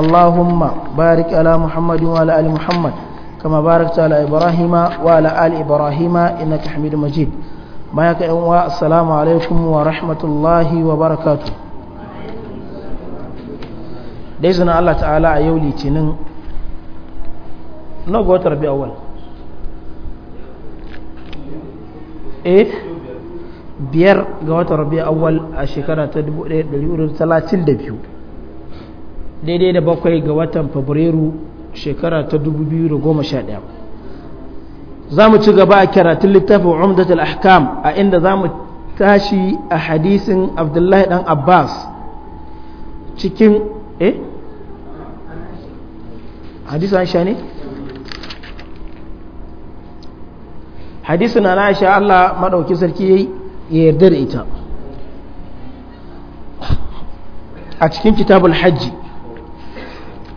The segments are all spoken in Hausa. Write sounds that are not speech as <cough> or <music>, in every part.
اللهم بارك على محمد وعلى آل محمد كما باركت على إبراهيم وعلى آل إبراهيم إنك حميد مجيد ما يكأوا السلام عليكم ورحمة الله وبركاته دايزنا الله تعالى يولي تنين نو قوة ربي أول إيه biyar ga watan rabi awal a shekara ta 1432 daidai da bakwai ga watan fabrairu shekara ta 2011 za mu ci gaba a karatun littafin umdatul ahkam a inda za mu tashi a hadisin abdullahi dan abbas cikin eh hadisun aisha ne na sha allah maɗauki sarki ya yarda da ita a cikin kitabul hajji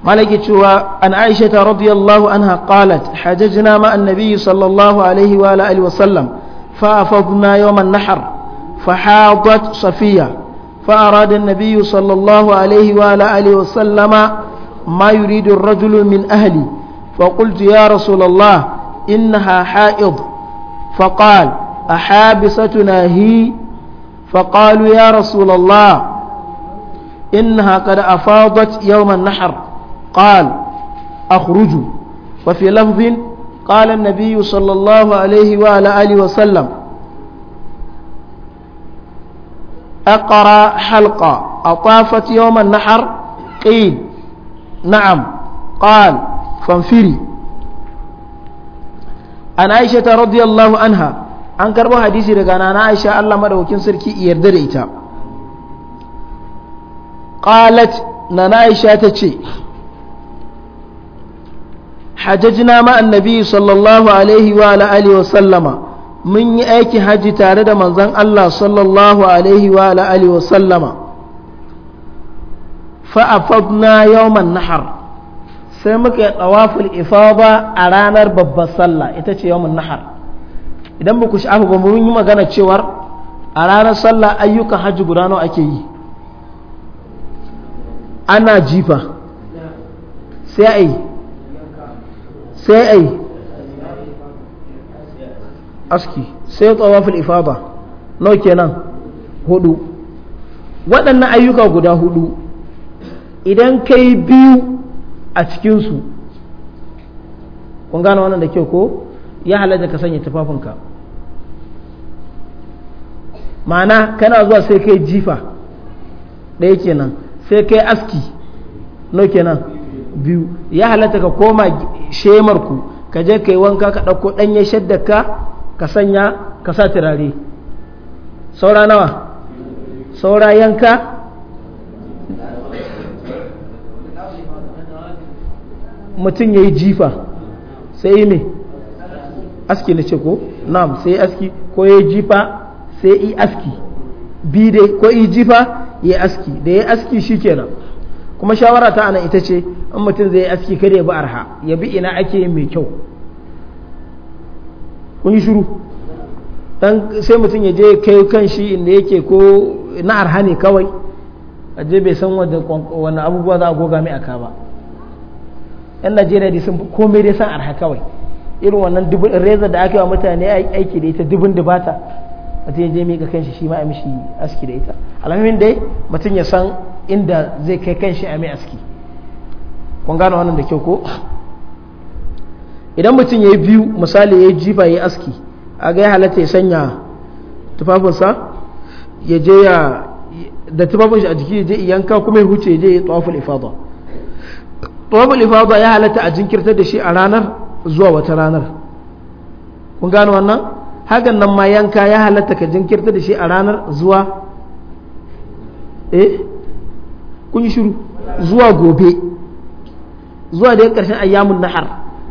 malaki cewa an aisha ta radiyallahu anha qalat hajjajna ma annabi sallallahu alaihi wa alihi wa sallam fa afadna yawm an-nahr fa hadat safiya fa arada an-nabi sallallahu alaihi wa alihi wa sallama ma yuridu ar-rajulu min ahli fa qultu ya rasulullah innaha ha'id fa qala أحابستنا هي فقالوا يا رسول الله إنها قد أفاضت يوم النحر قال أخرجوا وفي لفظ قال النبي صلى الله عليه وعلى آله وسلم أقرى حلقة أطافت يوم النحر قيل نعم قال فانفري عن عائشة رضي الله عنها عن كربو حديثي رقانا عن عائشة الله مدوكين سركي يردر إيتا قالت نانا عائشة تشي hajjajina ma annabi sallallahu alaihi wa alihi mun yi aiki hajji tare da manzon Allah sallallahu alaihi wa alihi wa fa afadna yawman nahar sai muka yi tawaful ifada a ranar babbar sallah ita ce yawman idan ba ku sha'afa ba mun yi magana cewar a ranar sallah ayyukan hajji guda nawa ake yi ana jifa sai a yi sai ai aski sai tsawaful ifada no kenan hudu waɗannan ayyuka guda hudu idan kai biyu a cikinsu kun gane wannan da kyau ko ya halatta ka sanya tufafinka ma'ana kana zuwa sai kai jifa ɗaya kenan sai kai aski no kenan biyu ya halatta ka koma shemar ku ka je ka yi wanka ka ɗauko ɗanyen shaddaka ka ka sanya ka sa turare saura nawa saura yanka mutum ya yi jifa sai ne aski na ce ko nam sai aski ko ya yi jifa sai yi aski bi dai ko yi jifa ya aski da ya aski shi kenan kuma shawara ta nan ita ce in mutum zai aski kada ya bi arha ya bi ina ake mai kyau kun yi shiru dan sai mutum ya je kai kan shi inda yake ko na arha ne kawai a je bai san wani abubuwa za a goga mai aka ba yan najeriya dai sun komai dai san arha kawai irin wannan dubin reza da aka yi wa mutane aiki da ita dubin dubata mutum ya je mika kan shi shi ma a mishi aski da ita alhamdulillah dai mutum ya san inda zai kai kanshi a mai aski kun gane wannan da kyau ko idan mutum ya yi biyu misali ya yi jifa ya yi aski a ga ya halatta ya sanya tufafinsa ya je ya da tufafin shi a jiki ya je yanka kuma ya huce ya je ya tawaful ifada tawaful ifada ya halatta a jinkirtar da shi a ranar zuwa wata ranar kun gane wannan hakan nan ma yanka ya halatta ka jinkirta da shi a ranar zuwa eh kun yi shiru zuwa gobe zuwa da karshen ayyamun nahar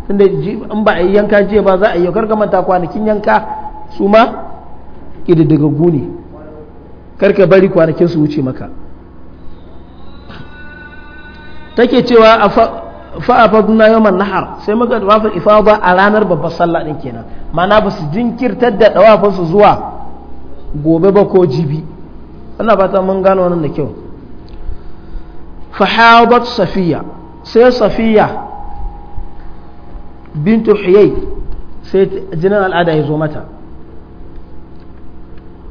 tunda in ba a yi yanka jiya ba za a yi karka manta kwanakin yanka su ma ƙididdigaggu ne karka bari kwanakin su wuce maka take cewa fa'afadna yawan nahar sai muka dawafin ifada a ranar babbar sallah din kenan mana ba su jinkirtar da dawafin su zuwa gobe ba ko jibi ana fata mun gano wannan da kyau fahadat safiya sai safiya bintu huyai sai jinin al'ada ya zo mata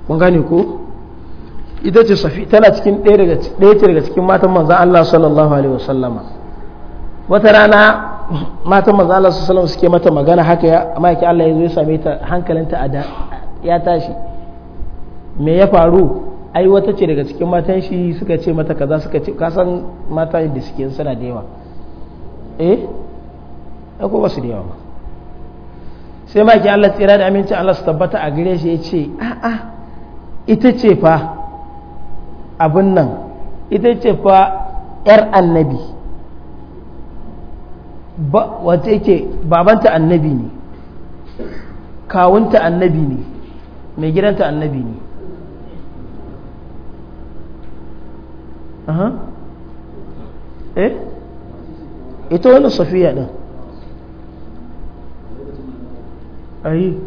kun gane ko ita ce safi tana cikin ɗaya daga cikin matan manzan Allah sallallahu alaihi wasallama wata rana matan manzan Allah sallallahu alaihi suke mata magana haka ya maki Allah ya zo ya same ta hankalinta a ya tashi me ya faru ai wata ce daga cikin matan shi suka ce mata kaza suka ce kasan mata da suke suna da yawa eh ko ba su da yawa ba sai maki Allah tsira da amincin Allah su tabbata a gare shi yace a a'a ita ce fa abin nan ita ce fa yar annabi ba wata yake babanta annabi ne kawunta annabi ne mai gidanta annabi ne Eh? ita wani safiya din ayi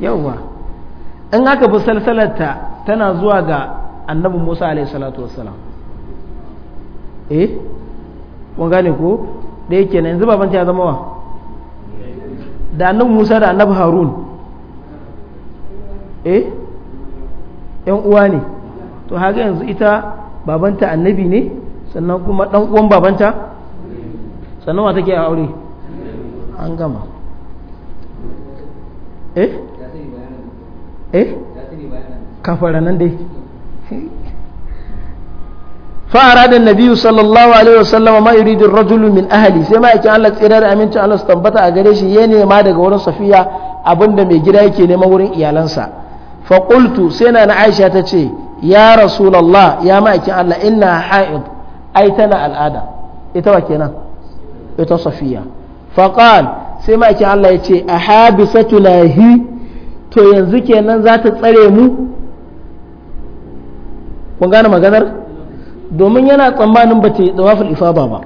yauwa in aka bi salsalarta tana zuwa ga annabi musa alai salatu wasalam eh kun gane ko da yake na yanzu babanta ya zama wa da annabi musa da annabi harun Eh? ‘yan uwa ne to haka yanzu ita babanta annabi ne sannan kuma ɗan uwan babanta sannan wata ke a aure an gama eh eh kafara nan dai fa’ara da nabiyu sallallahu alaihi wasallama ma iridin rajulu min ahali sai ma’aikin allah tsirar amincin allah su tambata a gare shi ya nema daga wurin safiya abinda mai gida yake neman wurin iyalansa faƙultu sai na na aisha ta ce ya rasu rasulallah ya ma'aikin Allah ina ha'id ai tana al'ada ita wa kenan ita safiya faƙal sai ma'aikin Allah ya ce a habisatu lahi to yanzu kenan za ta tsare mu kun gane maganar domin yana tsammanin ba ta yi tsawafin Ifaba ba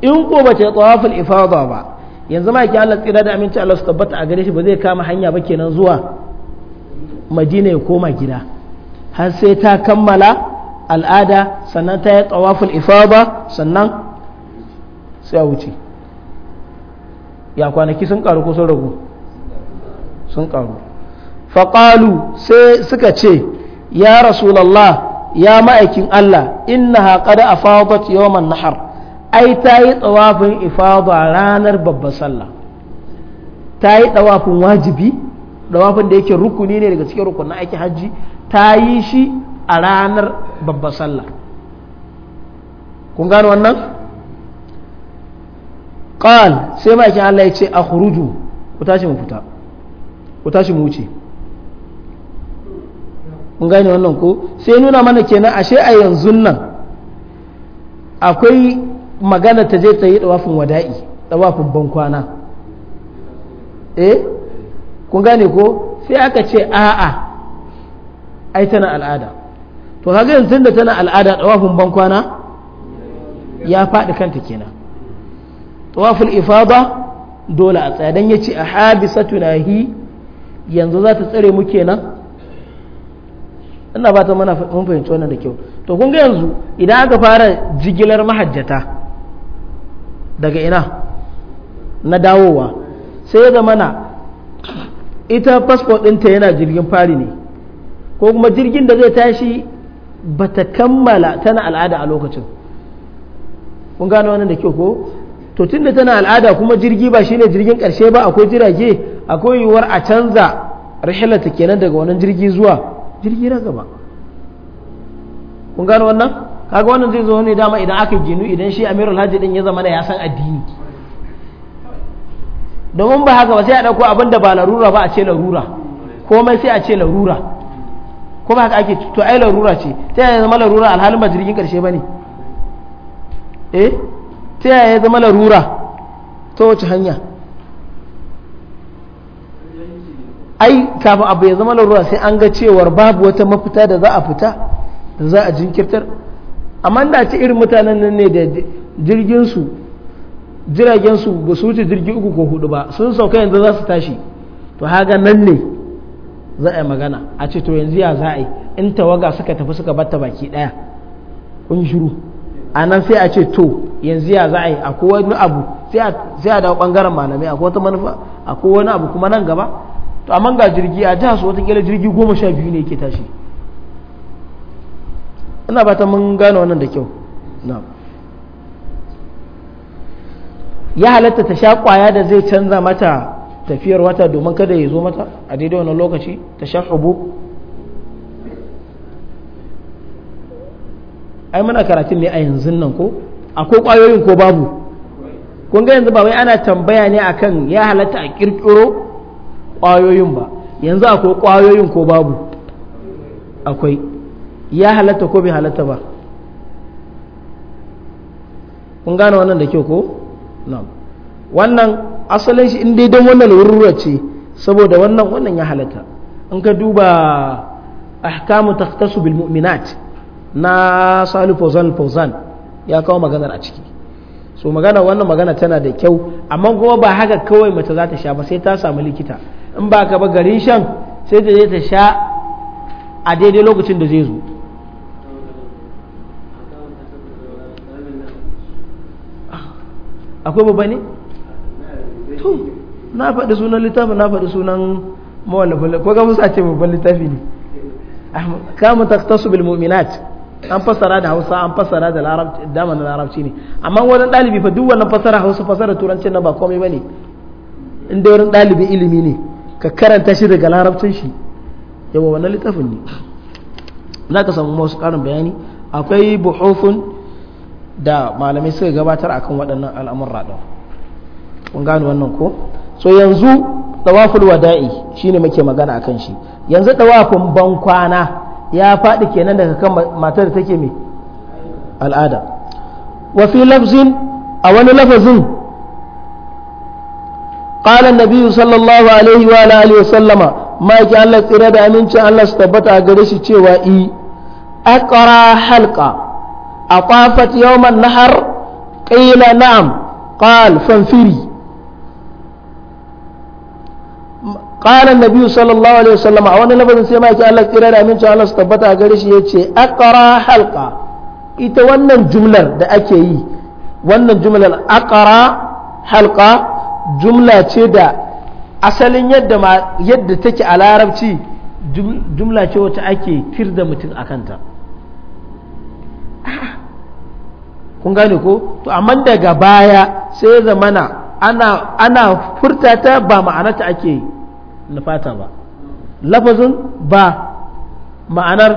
in ko ba ta yi tsawafin Ifaba ba yanzu ma'aikin Allah tsira da aminci Allah su tabbata a gare shi ba zai kama hanya ba kenan zuwa madina ya koma gida har sai ta kammala al'ada sannan ta yi tsawaful ifaba sannan sai a wuce ya kwanaki sun karu ko sun ragu sun karu faƙalu sai suka ce ya rasulallah ya ma'aikin Allah inna haƙada a fawabat yawon nahar ai ta yi tsawafin ifaba ranar babbar sallah ta yi tsawafin wajibi dawafin da yake rukuni ne daga cikin rukunin aiki hajji ta yi shi a ranar babbar sallah kun gano wannan qal sai bakin Allah ya ce akhruju ku tashi mu fita ku tashi mu wuce kun gane wannan ko sai nuna mana kenan ashe a yanzu nan akwai magana ta je ta yi dawafin wada'i dawafin bankwana eh kun gane ko sai aka ce a'a ai tana al'ada to kaga yanzu da tana al'ada tawafin bankwana ya faɗi kanta kenan tawaful ifada dole a tsaya dan yace a habisa tunahi yanzu za ta tsare mu kenan ina ba ta mana mun fahimci wannan da kyau to kun ga yanzu idan aka fara jigilar mahajjata daga ina na dawowa sai ya na ita fasfot ɗinta yana jirgin fari ne ko kuma jirgin da zai tashi ba ta kammala tana al'ada a lokacin kun gano wannan da kyau ko to tunda tana al'ada kuma jirgi ba shine jirgin ƙarshe ba akwai jirage akwai yiwuwar a canza rahilata kenan daga wannan jirgi zuwa jirgi na gaba kun gano wannan kaga wannan zai zo ne dama idan aka ginu idan shi amirul hajji din ya zama ya san addini domin ba haka ba sai a ɗauko abin da ba larura ba a ce larura komai sai a ce larura ko ba haka ake to ai larura ce ta yaya zama larura alhalin ba jirgin karshe ba ne eh ta yaya zama larura ta wace hanya ai kafin abu ya zama larura sai an ga cewar babu wata mafita da za a fita da za a jinkirtar amma da ce irin mutanen nan ne da jirgin su. jiragen su ba su wuce jirgi uku ko hudu ba sun sauka yanzu za su tashi to haga nan ne za a yi magana a ce to yanzu ya za a yi in tawaga suka tafi suka batta baki daya kun shiru a nan sai a ce to yanzu ya za a yi akwai wani abu sai a dawo bangaren malamai akwai wata manufa akwai wani abu kuma nan gaba to amma ga jirgi a jihar su watakila jirgi goma sha biyu ne ke tashi ina ba ta mun gane wannan da kyau na'am ya halatta ta sha kwaya da zai canza mata tafiyar wata domin kada ya zo mata a daidai wani lokaci ta sha hubub ai muna karatun ne a yanzu nan ko akwai kwayoyin ko babu kun ga yanzu ba wai ana tambaya ne akan ya halatta a kirkiro kwayoyin ba yanzu akwai kwayoyin ko babu akwai ya halatta ko bai halatta ba kun gane wannan da kyau ko wannan asalin shi in daidan wannan wurwura ce saboda wannan wannan ya halatta in ka duba ahkamu taqtasu bil mu'minat na salu fawzan ya kawo maganar a ciki so magana wannan magana tana da kyau amma kuma ba haka kawai mace za ta sha ba sai ta samu likita in ba ka ba garin shan sai ta je ta sha a daidai lokacin da zai zo akwai babba ne to na faɗi sunan littafin na faɗi sunan mawallafin ko ga musa ce babban littafi ne ta ta bil mu'minat an fassara da hausa an fassara da larabci dama da larabci ne amma wani ɗalibi fa duk wannan fassara hausa fassara turanci na ba komai bane in da ɗalibi ilimi ne ka karanta shi daga larabcin shi yawa wannan littafin ne za ka samu masu ƙarin bayani akwai buhufun da malamai suka gabatar akan waɗannan al'amurra ɗin kun gano wannan ko so yanzu tawaful wada'i shine muke magana akan shi yanzu ɗawafin bankwana ya faɗi kenan daga kan matar da take mai al'ada wa fi lafzin a wani lafazin قال النبي sallallahu alaihi عليه وعلى اله وسلم ما يجي Allah tsira da amincin Allah su tabbata gare shi cewa i aqra halqa أطافت يوم النهر قيل نعم قال فانفري قال النبي صلى الله عليه وسلم وانا لفظ سيما يكي الله كيرا دا aminci Allah su tabbata a gare shi yace aqra halqa ita wannan jumlar da ake yi wannan jumlar akara halqa jumla da asalin yadda ma yadda take a larabci jumla ce wacce ake tir mutum a kanta kun gane ko to amma daga baya sai zamana ana ana furta ta ba ma'anarta ake nufata ba lafazin ba ma'anar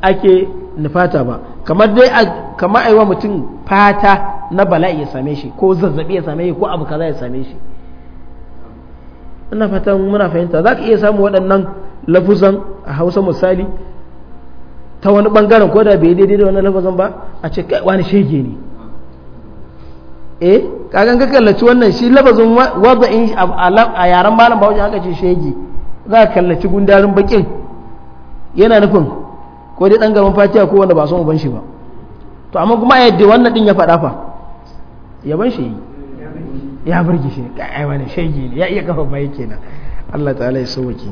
ake nufata ba kamar dai kamar aiwa mutum fata na bala'i ya same shi ko zazzabi ya same shi ko abu kaza ya same shi ina fatan muna fahimta za ka iya samun waɗannan lafuzan a hausa misali ta wani bangaren ko da bai daidai da wani lafazin ba a ce kai wani shege ne eh kagan ka kallaci wannan shi lafazin wada'in a yaren malam ba wajen aka ce shege za ka kallaci gundarin bakin yana nufin ko dai dan gaban fatiya ko wanda ba son uban shi ba to amma kuma yadda wannan din ya faɗa fa ban shi yi ya burge shi ai wani shege ne ya iya kafa bai kenan Allah ta'ala ya sauke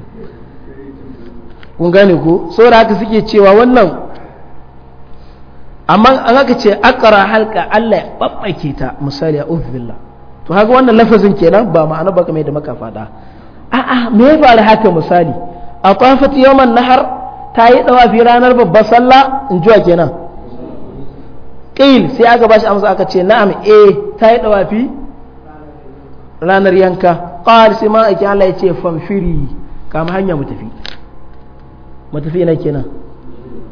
kun gane ko saboda haka suke cewa wannan amma an haka ce akara halka Allah ya babbake ta misali a billah to haka wannan lafazin kenan ba ma'ana ba kamar yadda maka fada a'a me ya faru haka misali a tafat yawman nahar ta yi fi ranar babbar sallah in juwa kenan qil sai aka bashi amsa aka ce na'am eh ta yi fi ranar yanka qal sai ma ake Allah ya ce famfiri kama hanya mu tafi matafi ina kenan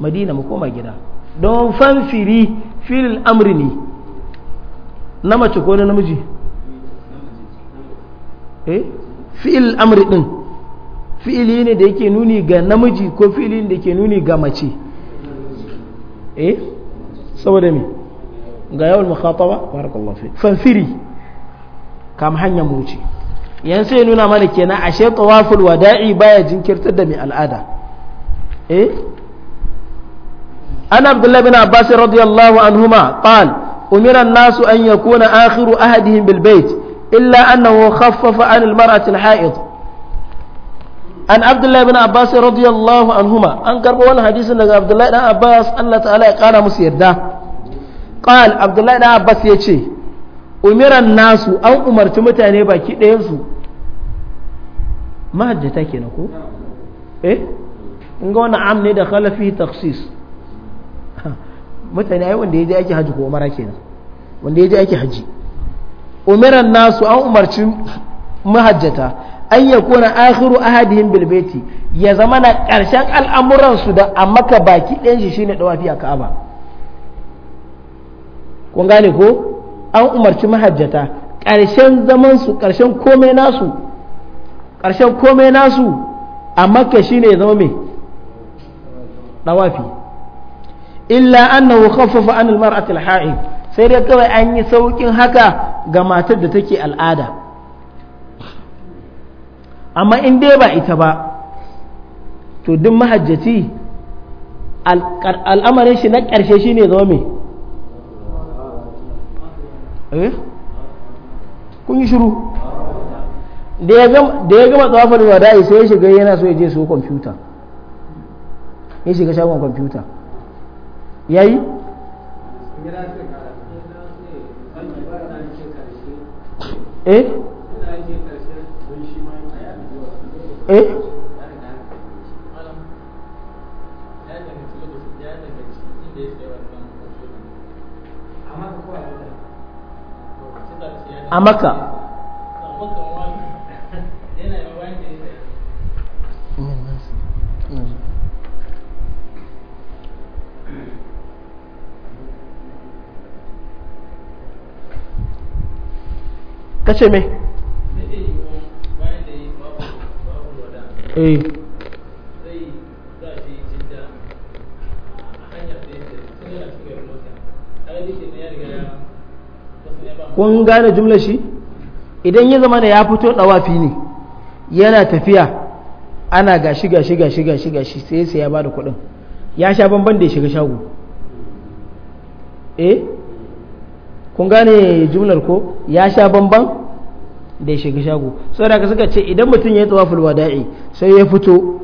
madina mu koma gida don fanfiri filin amri ne na mace ko na namiji eh fi'il amri din fi'ili ne da yake nuni ga namiji ko fi'ili da yake nuni ga mace eh saboda me ga yawon mukhataba barakallahu fi fanfiri kam hanya mu wuce yan sai nuna mana kenan ashe tawaful wada'i baya jinkirtar da mai al'ada eh an abdullahi bin abbas radiyallahu anhuma qal umira an-nasu an yakuna akhiru ahadihim bil bait illa annahu khaffafa an al-mar'ati al-ha'id an abdullahi bin abbas radiyallahu anhuma an karbo wannan hadisin daga abdullahi dan abbas Allah ta'ala ya kara musu yarda qal abdullahi dan abbas yace umiran nasu an umarci mutane baki dayansu ɗayansu mahajjata na ko eh in ga wani am ne da khalafi taksis mutane ai wanda ya je aiki haji ko umara kenan wanda ya je aiki haji umiran nasu an umarci mahajjata an ya kona akhiru ahadihim bil baiti ya zama na karshen al'amuran su da a maka baki ɗayan shi shine dawafi a Ka'aba kun gane ko an umarci mahajjata karshen zaman su karshen komai nasu karshen komai nasu a makka shine ya zama mai dawafi illa annahu khaffafa an almar'ati alha'id sai dai kawai an yi saukin haka ga matar da take al'ada amma in dai ba ita ba to duk mahajjati al'amarin shi na ƙarshe shine zama me eh kun yi shiru da ya gama tsawafar wada'i sai ya shiga yana so ya je su kwamfuta ya shiga shagon kwamfuta ya yi eh eh a maka kace me eh. kun gane jumlar shi idan ya zama da ya fito dawafi ne yana tafiya ana gashi gashi gashi gashi gashi sai sai ya bada kuɗin ya sha banban da ya shiga shago eh kun gane jumlar ko ya sha bamban da ya shiga shago da aka suka ce idan mutum ya yi tawaful wada'i sai ya fito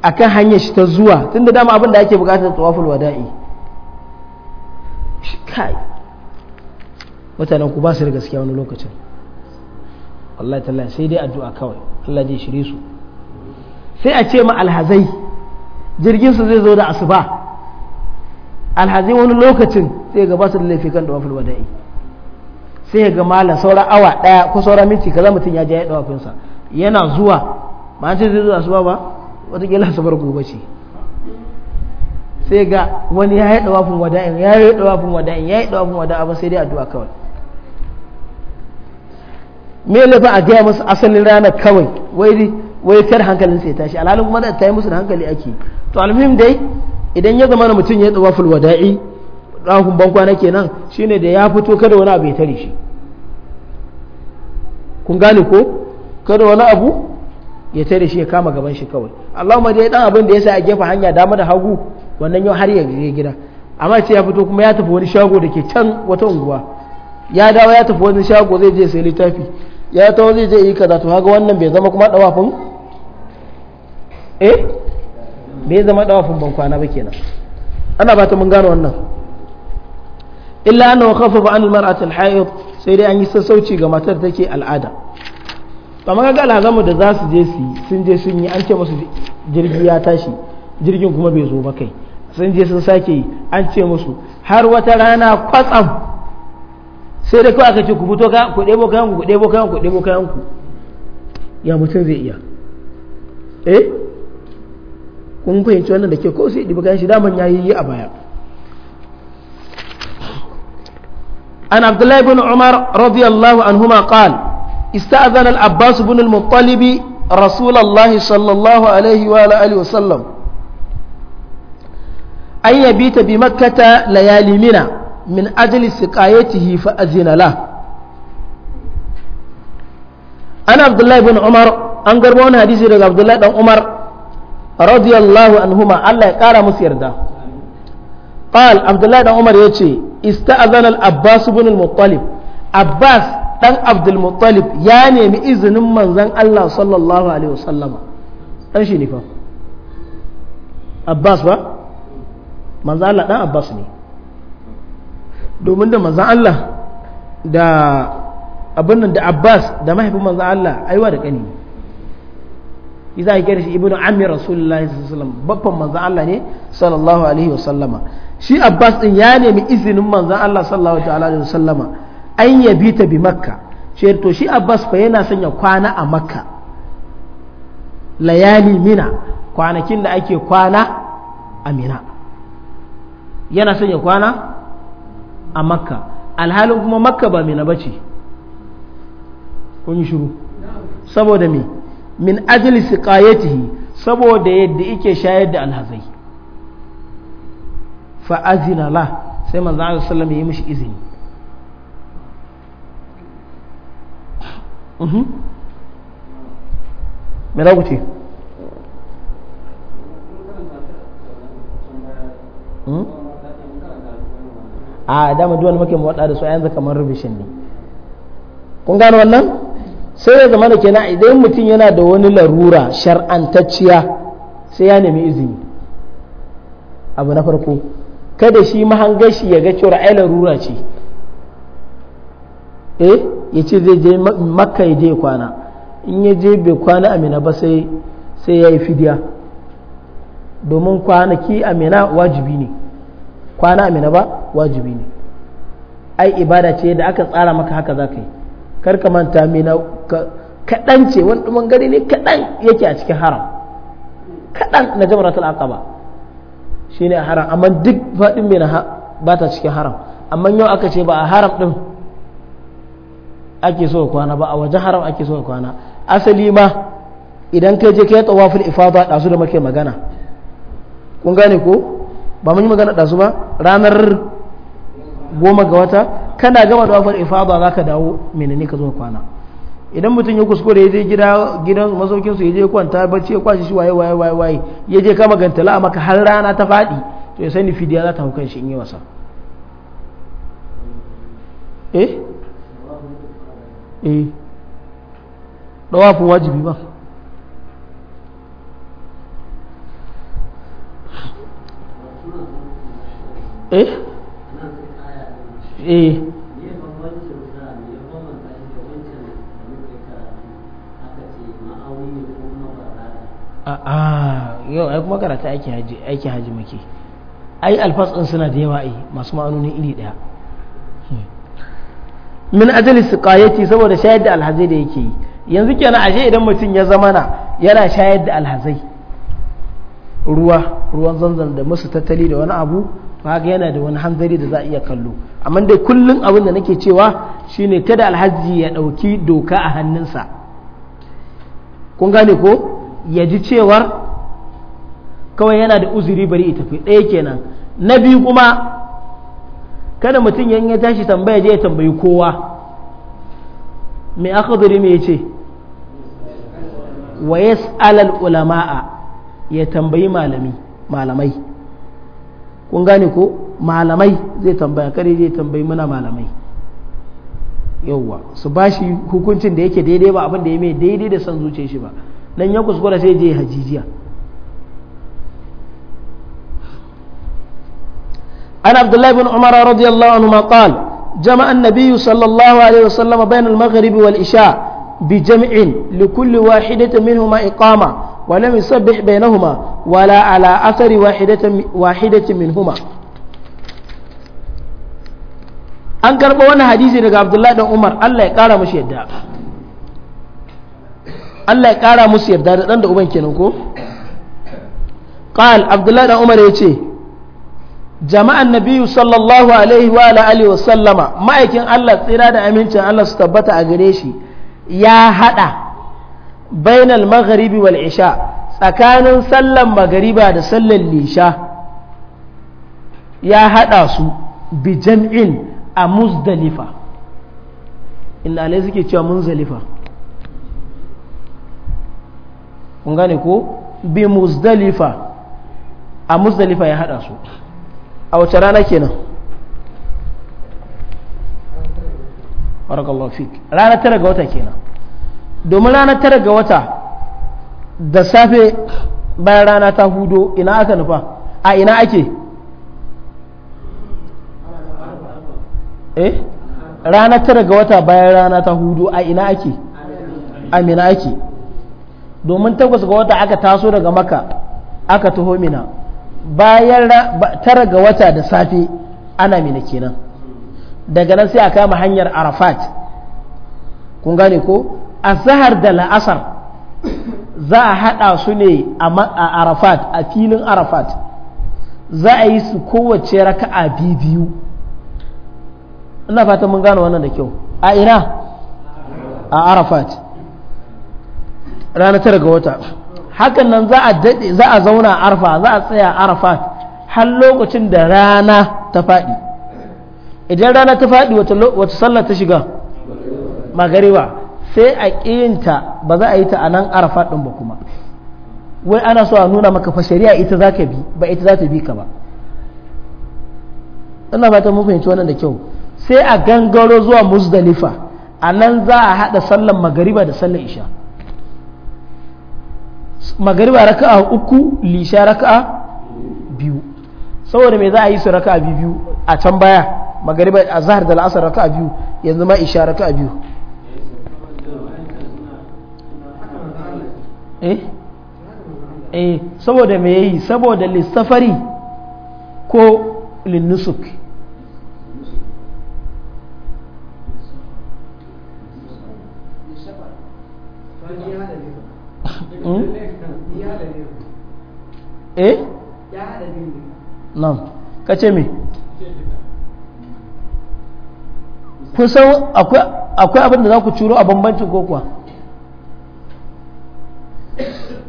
a kan hanyar shi ta zuwa tunda dama abin da ake bukatar tsawafin wada'i kai mutanen ku ba su da gaskiya wani lokacin wallahi tallahi sai dai addu'a kawai Allah zai shirye su sai a ce ma alhazai jirgin su zai zo da asuba alhazi wani lokacin sai ga basu su da laifi kan dawafin wada'i sai ga malam saura awa daya ko saura minti kaza mutum ya je ya dawafin sa yana zuwa ba ce zai zuwa su ba ba su bar gobe ce sai ga wani ya yi dawafin wada'i ya yi dawafin wada'i ya yi dawafin wada'i ba sai dai addu'a kawai me fa a ga musu asalin ranar kawai wai wai kar hankalin sai tashi alhalin kuma da ta yi musu da hankali ake to almuhim dai idan ya zama mutum ya tsawaful wada'i rahun bankwana kenan ne da ya fito kada wani abu ya tare shi kun gane ko kada wani abu ya tare shi ya kama gaban shi kawai Allahumma dai dan abin da ya yasa a gefe hanya dama da hagu wannan yau har ya gida amma ce ya fito kuma ya tafi wani shago da ke can wata unguwa ya dawo ya tafi wani shago zai je sai littafi ya tawo zai je yi kaza to haka wannan bai zama kuma dawafin eh ya zama dawafin ban kwana ba kenan ana ba ta mun gano wannan illa wa khaffafa an al marat al-hayd sai dai an yi sassauci ga matar take al'ada to amma ga alhazamu da za su je su sun je sun yi an ce musu jirgi ya tashi jirgin kuma bai zo ba kai sun je sun sake an ce musu har wata rana kwatsam sai da kawai aka ce ku fito ka ku debo kayan ku debo kayan ku ɗebo ku ya mutum zai iya eh kun fahimci wannan da ke ko sai ɗiba shi daman ya yi a baya an abdullahi bin umar radiyallahu an huma ƙal istazan al'abbasu bin al-muttalibi rasulallah sallallahu alaihi wa sallam an yabi ta bi makkata layali mina min ajli siqayatihi fa azina la an abdullahi bin umar an garba wani hadisi daga abdullahi dan umar radiyallahu anhuma Allah ya kara musu yarda qal abdullahi dan umar yace ista'azana al-abbas ibn al-muttalib abbas dan abdul muttalib ya nemi izinin manzon Allah sallallahu alaihi wasallama dan shi ne fa abbas ba manzon Allah dan abbas ne domin da manzon Allah da abin da abbas da mahaifin manzon Allah aiwa da kani idan ake kira shi ibnu ammi rasulullahi sallallahu alaihi wasallam babban manzon Allah ne sallallahu alaihi wasallama shi abbas din ya nemi izinin manzon Allah sallallahu alaihi wasallama an yabi ta bi makka shi to shi abbas fa yana ya kwana a makka layali mina kwanakin da ake kwana a mina yana son ya kwana a makka alhalin kuma makka ba mina bace kun shiru saboda me min ajli siqayatihi saboda yadda yake shayar da alhazai fa azina la sai manzo Allah sallallahu alaihi mishi izini mhm me za ku hmm? a dama duwan muke mawaɗa da su a yanzu kamar rubishin ne kun gano wannan sai ya zama da kenan idan mutum yana da wani larura shar'antacciya sai ya nemi izini abu na farko kada shi mahangashi ya ga cewa ai larura ce eh ya ce zai je makka ya je kwana in ya je bai kwana amina ba sai sai ya yi fidiya domin kwanaki amina wajibi ne kwana amina ba wajibi ne ai ibada ce da aka tsara maka haka za ka yi kar ka manta mina kaɗan ce wani gari ne kaɗan yake a cikin haram kaɗan na jamratul aqaba shine haram amma duk faɗin mina ba ta cikin haram amma yau aka ce ba a haram din ake so kwana ba a wajen haram ake so kwana asali ma idan ka je kai tawaful ifada su da muke magana kun gane ko ba mun yi magana su ba ranar goma ga wata kana gama da wafar ifada za ka dawo menene ka zo kwana idan mutum ya kuskure ya je gidan masaukin su ya je kwanta bacci ya kwashi shi waye waye waye waye ya je kama gantala a maka har rana ta faɗi to ya sani fidiya za ta hukan shi in yi wasa eh eh dawafin wajibi ba eh eh a'a yau ai kuma karata aikin haji aikin haji muke ai alfas din suna da yawa ai masu ma'anoni iri daya min ajali siqayati saboda shayar da alhazai da yake yi yanzu kenan ashe idan mutum ya zama zamana yana shayar da alhazai ruwa ruwan zanzan da musu tattali da wani abu kaga yana da wani hanzari da za a iya kallo amma dai kullum abin da nake cewa shine kada alhaji ya ɗauki doka a hannunsa kun gane ko ya ji cewar kawai yana da uzuri bari ya tafi ɗaya kenan na biyu kuma kada mutum yan ya tashi tambaya je ya tambayi kowa mai aka zuri mai ce wa yas'alal ulama'a ya tambayi malamai kun gane ko malamai zai tambaya kare zai tambayi muna malamai yauwa su ba shi hukuncin da yake daidai ba abin da ya mai daidai da san zuce shi ba dan ya kuskura sai je hajijiya an abdullahi bin umar radiyallahu anhu ma qal jama'a an sallallahu alaihi wasallam bain al wal isha bi jam'in li kulli wahidatin minhuma iqama ولم يسبح بينهما ولا على أثر واحدة, واحدة منهما an karɓo wani hadisi daga abdullahi dan umar allah ya ƙara musu yadda ya da ɗan uban kenan ko qal abdullahi umar ya ce jama'an nabiyu sallallahu alaihi wa sallama ma'aikin allah tsira da amincin allah su tabbata a gare shi ya haɗa bainal magharibi wal isha tsakanin sallan magariba da sallan nisha ya hada su bi jam'in a muzdalifa inalai suke cewa munzalifa kun gane ko bi muzdalifa a muzdalifa ya hada su a wace rana kenan barakallahu fik rana tara ga wata kenan domin ranar tara ga wata da safe bayan rana ta hudo ina aka nufa a ina ake eh ranar tara ga wata bayan rana ta hudu a ina ake A mina ake domin takwas ga wata aka taso daga maka aka taho mina bayan tara ga wata da safe ana mina kenan daga nan sai a kama hanyar arafat kun gane ko azhar da la'asar za a haɗa su ne a arafat a filin arafat za a yi su kowace raka'a biyu ina fata mun gane wannan da kyau a ina a arafat ranar tara ga wata hakan nan za a daɗe za a zauna arfa za a tsaya a arafat har lokacin da rana ta faɗi idan rana ta faɗi wata sallar ta shiga magariba sai a ƙiyinta ba za a yi ta a nan arafa ɗin ba kuma wai ana so a nuna maka fa shari'a ita za ka bi ba ita za ta bi ka ba ina ba ta mun fahimci wannan da kyau sai a gangaro zuwa muzdalifa a nan za a haɗa sallan magariba da sallan isha magariba raka'a uku lisha raka'a biyu saboda me za a yi su raka'a biyu a can baya magariba a zahar da la'asar raka'a biyu yanzu ma isha raka'a biyu eh eh saboda me yayi saboda lissafari ko linnusuk hmm? eh nan ka ce me kusan akwai abin da za ku ciro a bambancin ko kuwa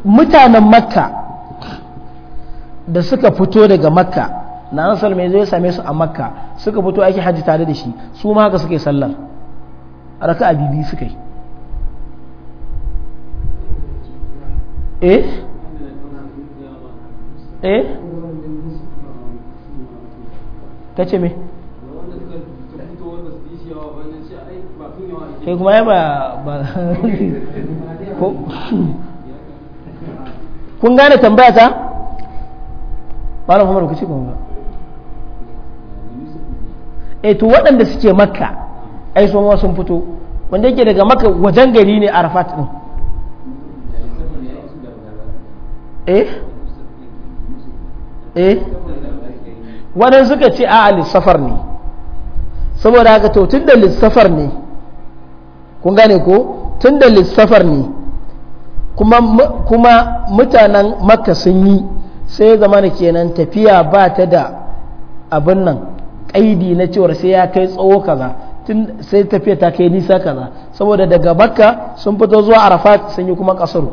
mutanen makka da suka fito daga makka na ansar mai zai same su a makka suka fito aiki hajji tare da shi su ma haka suke sallar raka a bibi suka yi eh eh ta ce me kai kuma ya ba ba <laughs> kun gane tambaya ta malam Umar ku ce kun ga eh to waɗanda suke makka ai su ma sun fito wanda yake daga makka wajen gari ne arafat din eh eh waɗanda suka ce a lissafar ne saboda haka to tun da lissafar ne kun gane ko tun da lissafar ne kuma mutanen makka sun yi sai zama da kenan tafiya ba ta da abin nan ƙaidi na cewar sai ya kai tsawo kaza tun sai tafiya ta kai nisa kaza saboda daga bakka sun fito zuwa arafat sun yi kuma kasaru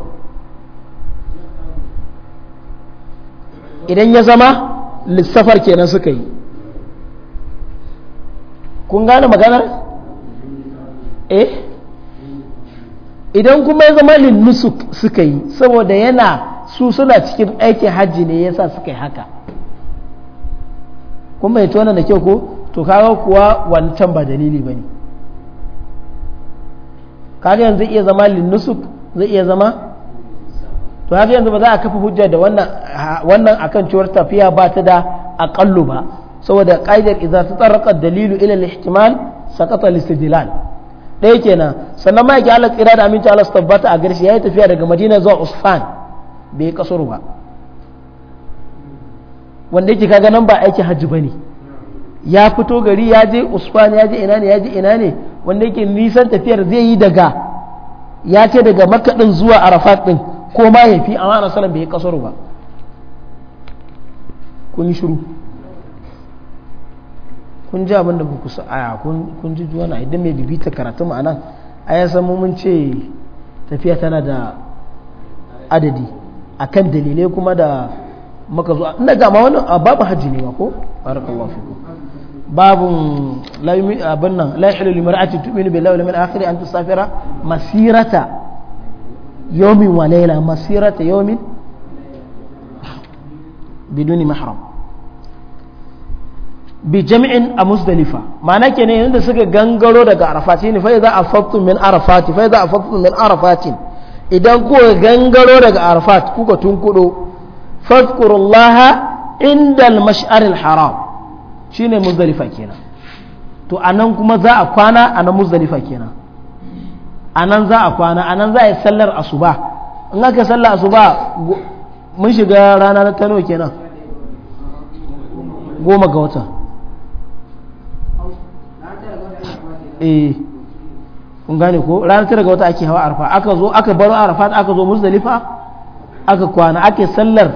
idan ya zama lissafar kenan suka yi kun gane maganar eh idan kuma ya zama linnusuk suka yi saboda yana su suna cikin aikin hajji ne ya sa suka yi haka kun ya tona da kyau ko to kaga kuwa wancan ba dalili ne kaga yanzu iya zama linnusuk zai iya zama to haka yanzu ba za a kafa hujja da wannan a akan cewar tafiya ba ta da aƙallu ba saboda qaidar ta tsarraƙa dalilu ilal al-ihtimal saqata ɗaya kenan sannan ma'aiki Allah tsira da aminci Allah su tabbata a garshi ya yi tafiya daga madina zuwa usfan bai kasar ba wanda yake kaga nan ba aiki hajji ba ne ya fito gari ya je usfan ya je ina ne ya je ina ne wanda yake nisan tafiyar zai yi daga ya ce daga makaɗin zuwa arafat ɗin ko ma ya fi amma ana salam bai kasar ba kun shiru kun ji abin da ba ku aya kun ji na idan mai bibita karatu ma'ana a ya samu mun ce tafiya tana da adadi akan dalilai kuma da maka zuwa ina gama wani babu hajji ne ba ko wafi fiku babu abin nan la yahlu li mar'atin tu'minu billahi akiri an tusafira masirata yomin wa layla masirata yomin biduni mahram bi jami'in a musdalifa ma'ana ke ne yadda suka gangaro daga arafati ne fai za a faktun min arafati fai za a faktun min arafati idan kuka gangaro daga arafat kuka tunkudo fadkurullaha inda al-mash'aril haram shine muzdalifa kenan to anan kuma za a kwana a anan muzdalifa kenan anan za a kwana anan za a yi sallar asuba in aka sallar asuba mun shiga rana na tano kenan goma ga watan Eh, kun gane ko ranar tara ga wata ake hawa arfa aka zo aka baro arfa aka zo musdalifa aka kwana ake sallar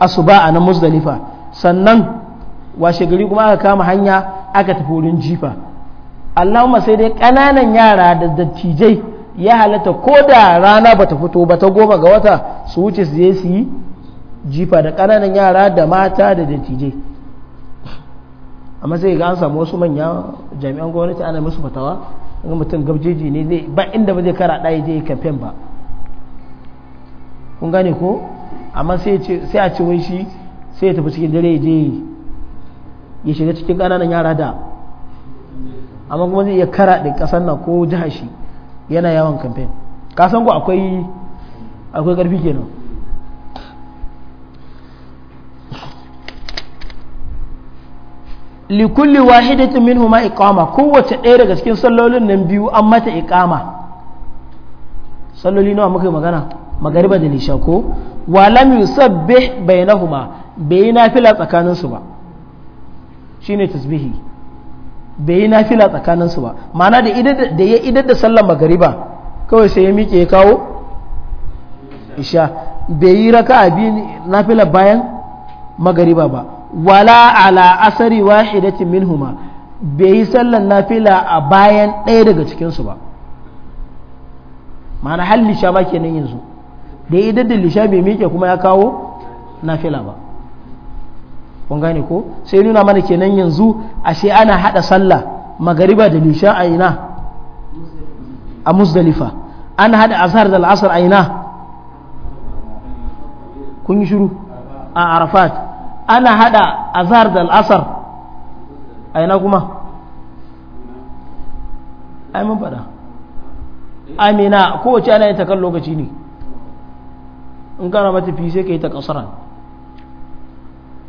asuba a nan musdalifa sannan washe gari kuma aka kama hanya aka tafi wurin jifa allahumma sai dai ƙananan yara da dattijai ya halatta ko da rana ba ta fito ba ta goma ga wata su wuce su je su yi jifa da ƙananan yara da mata da dattijai amma zai ga an samu wasu manya jami'an gwamnati ana musu fatawa ga mutum gabjeji ne zai ba inda ba zai kara ɗaya je kamfen ba kun gane ko amma sai a ce wai shi sai ya tafi cikin dare ya je ya shiga cikin ƙananan yara da amma kuma zai iya kara da ƙasar nan ko jihar shi yana yawan kamfen ka san akwai akwai ƙarfi kenan likulli wahidatin huma iqama kowace ɗaya daga cikin sallolin nan biyu an mata iqama salloli nawa muka magana magariba da nisha ko wa lam yusabbih bainahuma bai yi nafila tsakanin su ba shine tasbihi bai yi nafila tsakanin su ba ma'ana da da ya idan da sallar magariba kawai sai ya miƙe ya kawo isha bai yi raka'a biyu nafila bayan magariba ba wala ala asari wahidatin minhuma bai yi sallan nafila a bayan ɗaya daga cikinsu ba ma'ana hal lisha ba kenan yanzu da ya daddin lisha bai miƙe kuma ya kawo nafila ba kun gane ko sai nuna mana kenan yanzu ashe ana haɗa sallah magariba da lisha a ina a musdalifa ana haɗa asar da al'asar a ina kun yi shiru a arafat ana hada azhar da al'asar a ina kuma ai mun amina kowace ana yin kan lokaci ne in kana fi sai ka yi ta kasara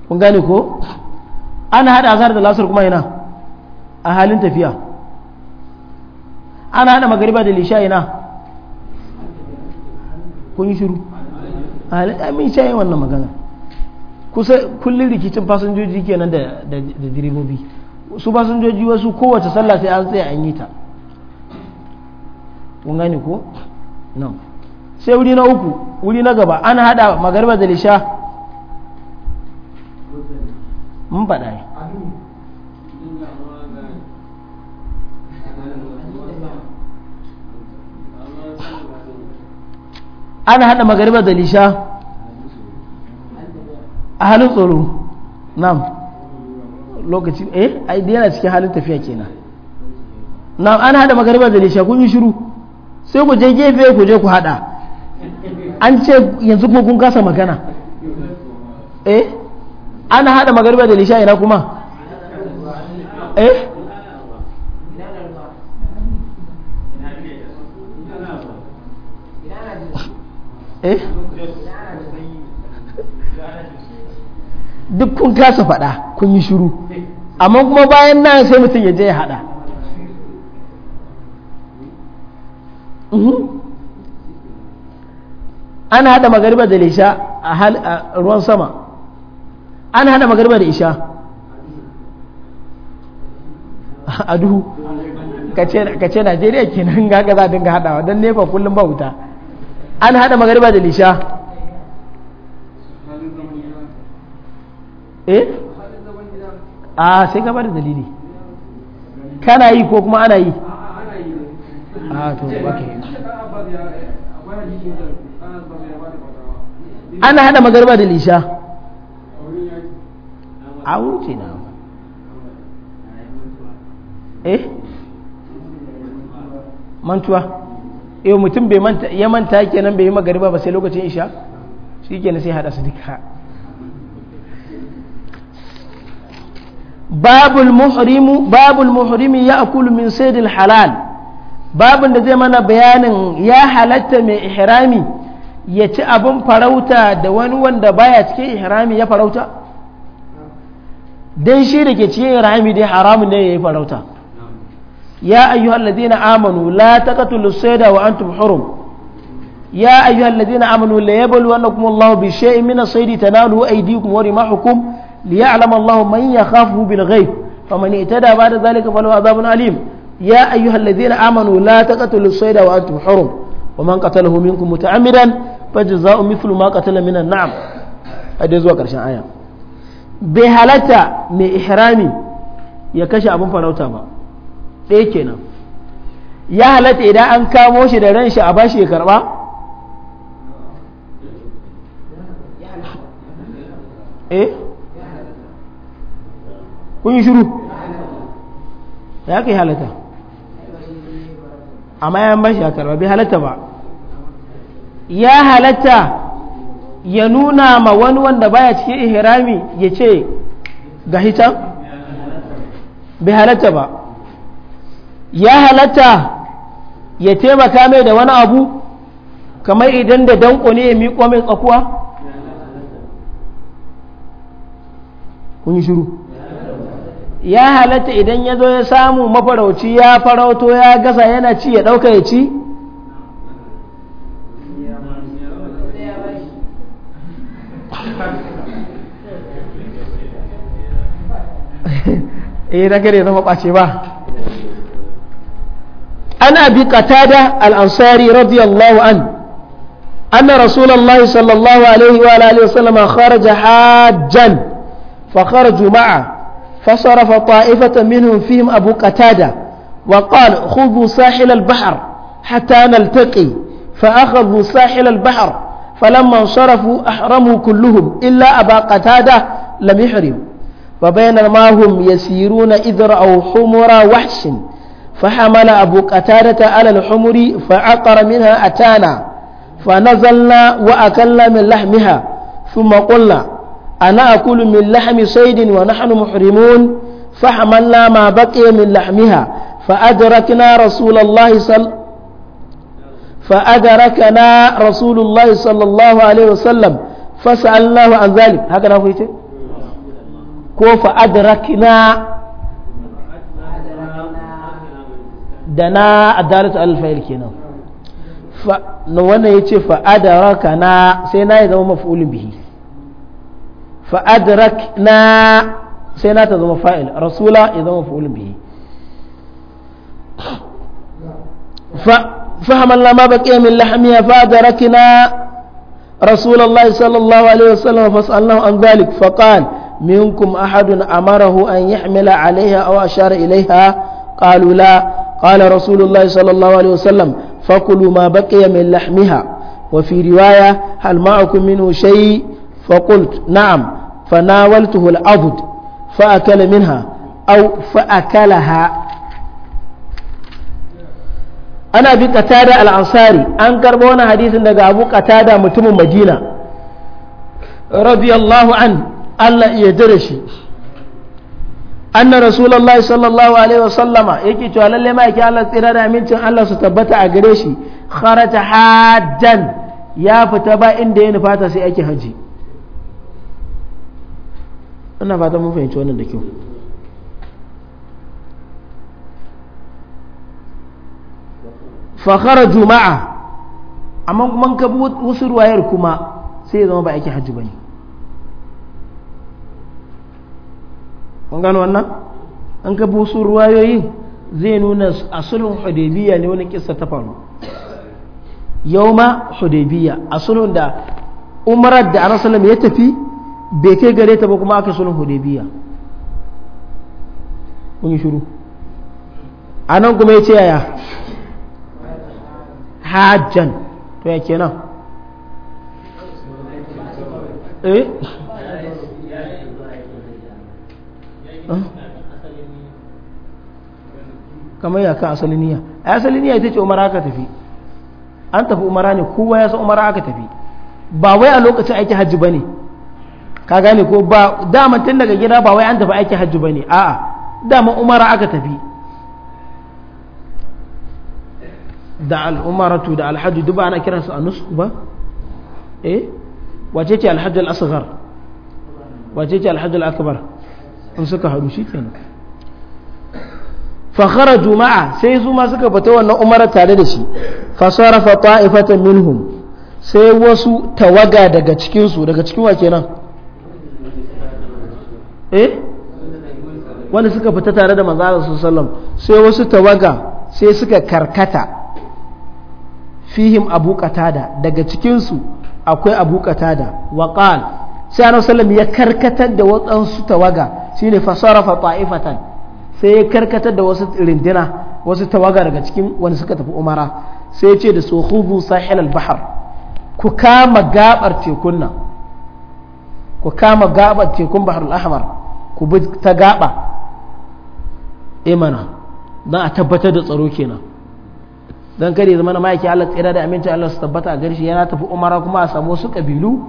kun gane ko ana hada azhar da al'asar kuma ina a halin tafiya ana hada magariba da lisha ina kun yi shiru a halin tafiya wannan magana kusa kullum rikicin fasinjoji kenan da direbobi su fasinjoji wasu kowace sallah sai an tsaye an yi ta kun gane ko no sai wuri na uku wuri na gaba an hada magarba da lisha mun faɗa ne an hada magarba da lisha halin tsoro nam lokaci eh ai da yana cikin halin tafiya kenan nam an hada magariba da lisha kun yi shiru sai ku je gefe ku je ku hada an ce yanzu kuma kun kasa magana eh ana hada magariba da lisha ina kuma eh eh duk kun kasa faɗa kun yi shiru amma kuma bayan nan sai mutum ya je ya haɗa mhm. ana haɗa magariba da lisha a ruwan sama ana haɗa magariba da isha a duhu ka ce najeriya kenan gaga za dinga haɗawa don nefa kullum ba wuta an haɗa magariba da lisha eh a sai ka bada dalili kana yi ko kuma ana yi a to ok ana hada magarba da lisha a wuce na eh mantuwa eh mutum bai manta ya manta kenan bai yi magariba ba sai lokacin isha shi kenan sai hada su duka babul muhrimi ya akulu min saydil halal babin da zai mana bayanin ya halatta mai ihrami ya ci abin farauta da wani wanda baya cike ihrami ya farauta dan shi da ke cikin ihrami dai haramun ne yi farauta ya ayyuhal ladina amanu la taqtulu sayda wa antum hurum ya ayyuhal ladina amanu la yabluwannakum Allahu bi shay'in min as-saydi tanalu aydikum wa rimahukum ليعلم الله من يخافه بالغيب فمن اهتدى بعد ذلك فله عذاب أليم يا أيها الذين آمنوا لا تقتلوا الصيد وأنتم حرم ومن قتله منكم متعمدا فجزاء مثل ما قتل من النعم هذا زوا كرشان آية بهالتا من إحرامي ya kashe abin farauta ba ɗaya kenan ya halatta idan an kamo shi da ran shi a bashi ya karba eh kun yi shiru da ya yi halatta amma ya bashi a karba bai halatta ba ya halatta ya nuna ma wani wanda baya cikin ihrami ya ce ga hitan bai halatta ba ya halatta ya taimaka mai da wani abu kamar idan da danko ne ya miƙo mai tsakuwa kun yi shiru ya halatta idan ya zo ya samu mafarauci ya farauto ya gasa yana ci ya ɗauka ya ci <laughs> eh na gare zama ɓace ba ana bi qatada al'ansari radiyallahu an anna rasulullahi sallallahu alaihi wa alihi wa sallama kharaja hajjan fa kharaju ma'a فصرف طائفة منهم فيهم أبو قتادة وقال خذوا ساحل البحر حتى نلتقي فأخذوا ساحل البحر فلما انصرفوا أحرموا كلهم إلا أبا قتادة لم يحرم وبينما هم يسيرون إذ رأوا حمر وحش فحمل أبو قتادة على الحمر فعقر منها أتانا فنزلنا وأكلنا من لحمها ثم قلنا ana akulu min lahmi saydin wa nahnu muhrimun فحملنا ما بقي من لحمها فأدركنا رسول الله صلى فأدركنا رسول الله صلى الله عليه وسلم فسألناه عن ذلك هكذا هو يتي كو فأدركنا دنا أدالة الفعل كنا فنوانا يتي فأدركنا سينا يدوم مفعول به fa adrakna sai na ta zama fa'il rasula ya zama fa'ulun bihi فهم الله ما بقي من لحمها فادركنا رسول الله صلى الله عليه وسلم فسألناه عن ذلك فقال منكم أحد أمره أن يحمل عليها أو أشار إليها قالوا لا قال رسول الله صلى الله عليه وسلم فكلوا ما بقي من لحمها وفي رواية هل معكم منه شيء فقلت نعم فناولته العضد فأكل منها أو فأكلها أنا أبي قتادة الأنصاري أنكر بونا حديث دقى أبو قتادة متم مدينة رضي الله عنه ألا يدرشي أن رسول الله صلى الله عليه وسلم يكي تعالى لما يكي الله ترى من الله ستبتع قريشي خرج حاجا يا فتبا إن دين فاتا سيأكي حجي ina fata mun fahimci wannan da kyau fakhara juma'a amma kuma ka bi wasu ruwayar kuma sai ya zama ba aiki hajji bane kun gano wannan an ka bi wasu ruwayoyi zai nuna a sulhun hudaybiya ne wani kissa ta faru yauma hudaybiya a sulhun da umarar da arasalam ya tafi bai kai gare ta ba kuma aka sulhun hudaybiya kun yi shiru a nan kuma ya ce yaya hajjan to ya kenan eh kamar ya kan asalin niyya a asalin niyya ita ce umara aka tafi an tafi umara ne kowa ya san umara aka tafi ba wai a lokacin aiki hajji ba ne ka gane ko ba dama tun daga gida ba wai an tafi aiki hajji ba ne a'a dama umara aka tafi da al'umaratu da alhaji duk ba ana kira su a nusu ba eh wace ce alhaji al'asghar wace ce alhaji al'akbar in suka haɗu shi kenan fakhara juma'a sai su ma suka fita wannan umara tare da shi fasara fasarafa ta'ifatan minhum sai wasu tawaga daga cikinsu daga cikin wa kenan eh wanda suka fita tare da manzara sallam sai wasu tawaga sai suka karkata fihim abu qatada daga cikinsu akwai abu qatada wa sai annabi sallam ya karkatar da waɗansu tawaga shine fasarafa ta'ifatan sai ya karkatar da wasu rindina wasu tawaga daga cikin wanda suka tafi umara sai ya ce da su khudu sahil al-bahr ku kama gabar tekun nan ku kama gabar tekun al ahmar ku bi ta gaba imana eh don a tabbatar da tsaro kenan don kare zama na ma'aiki Allah tsira da aminci Allah su tabbata a garshi yana tafi umara kuma a samu wasu kabilu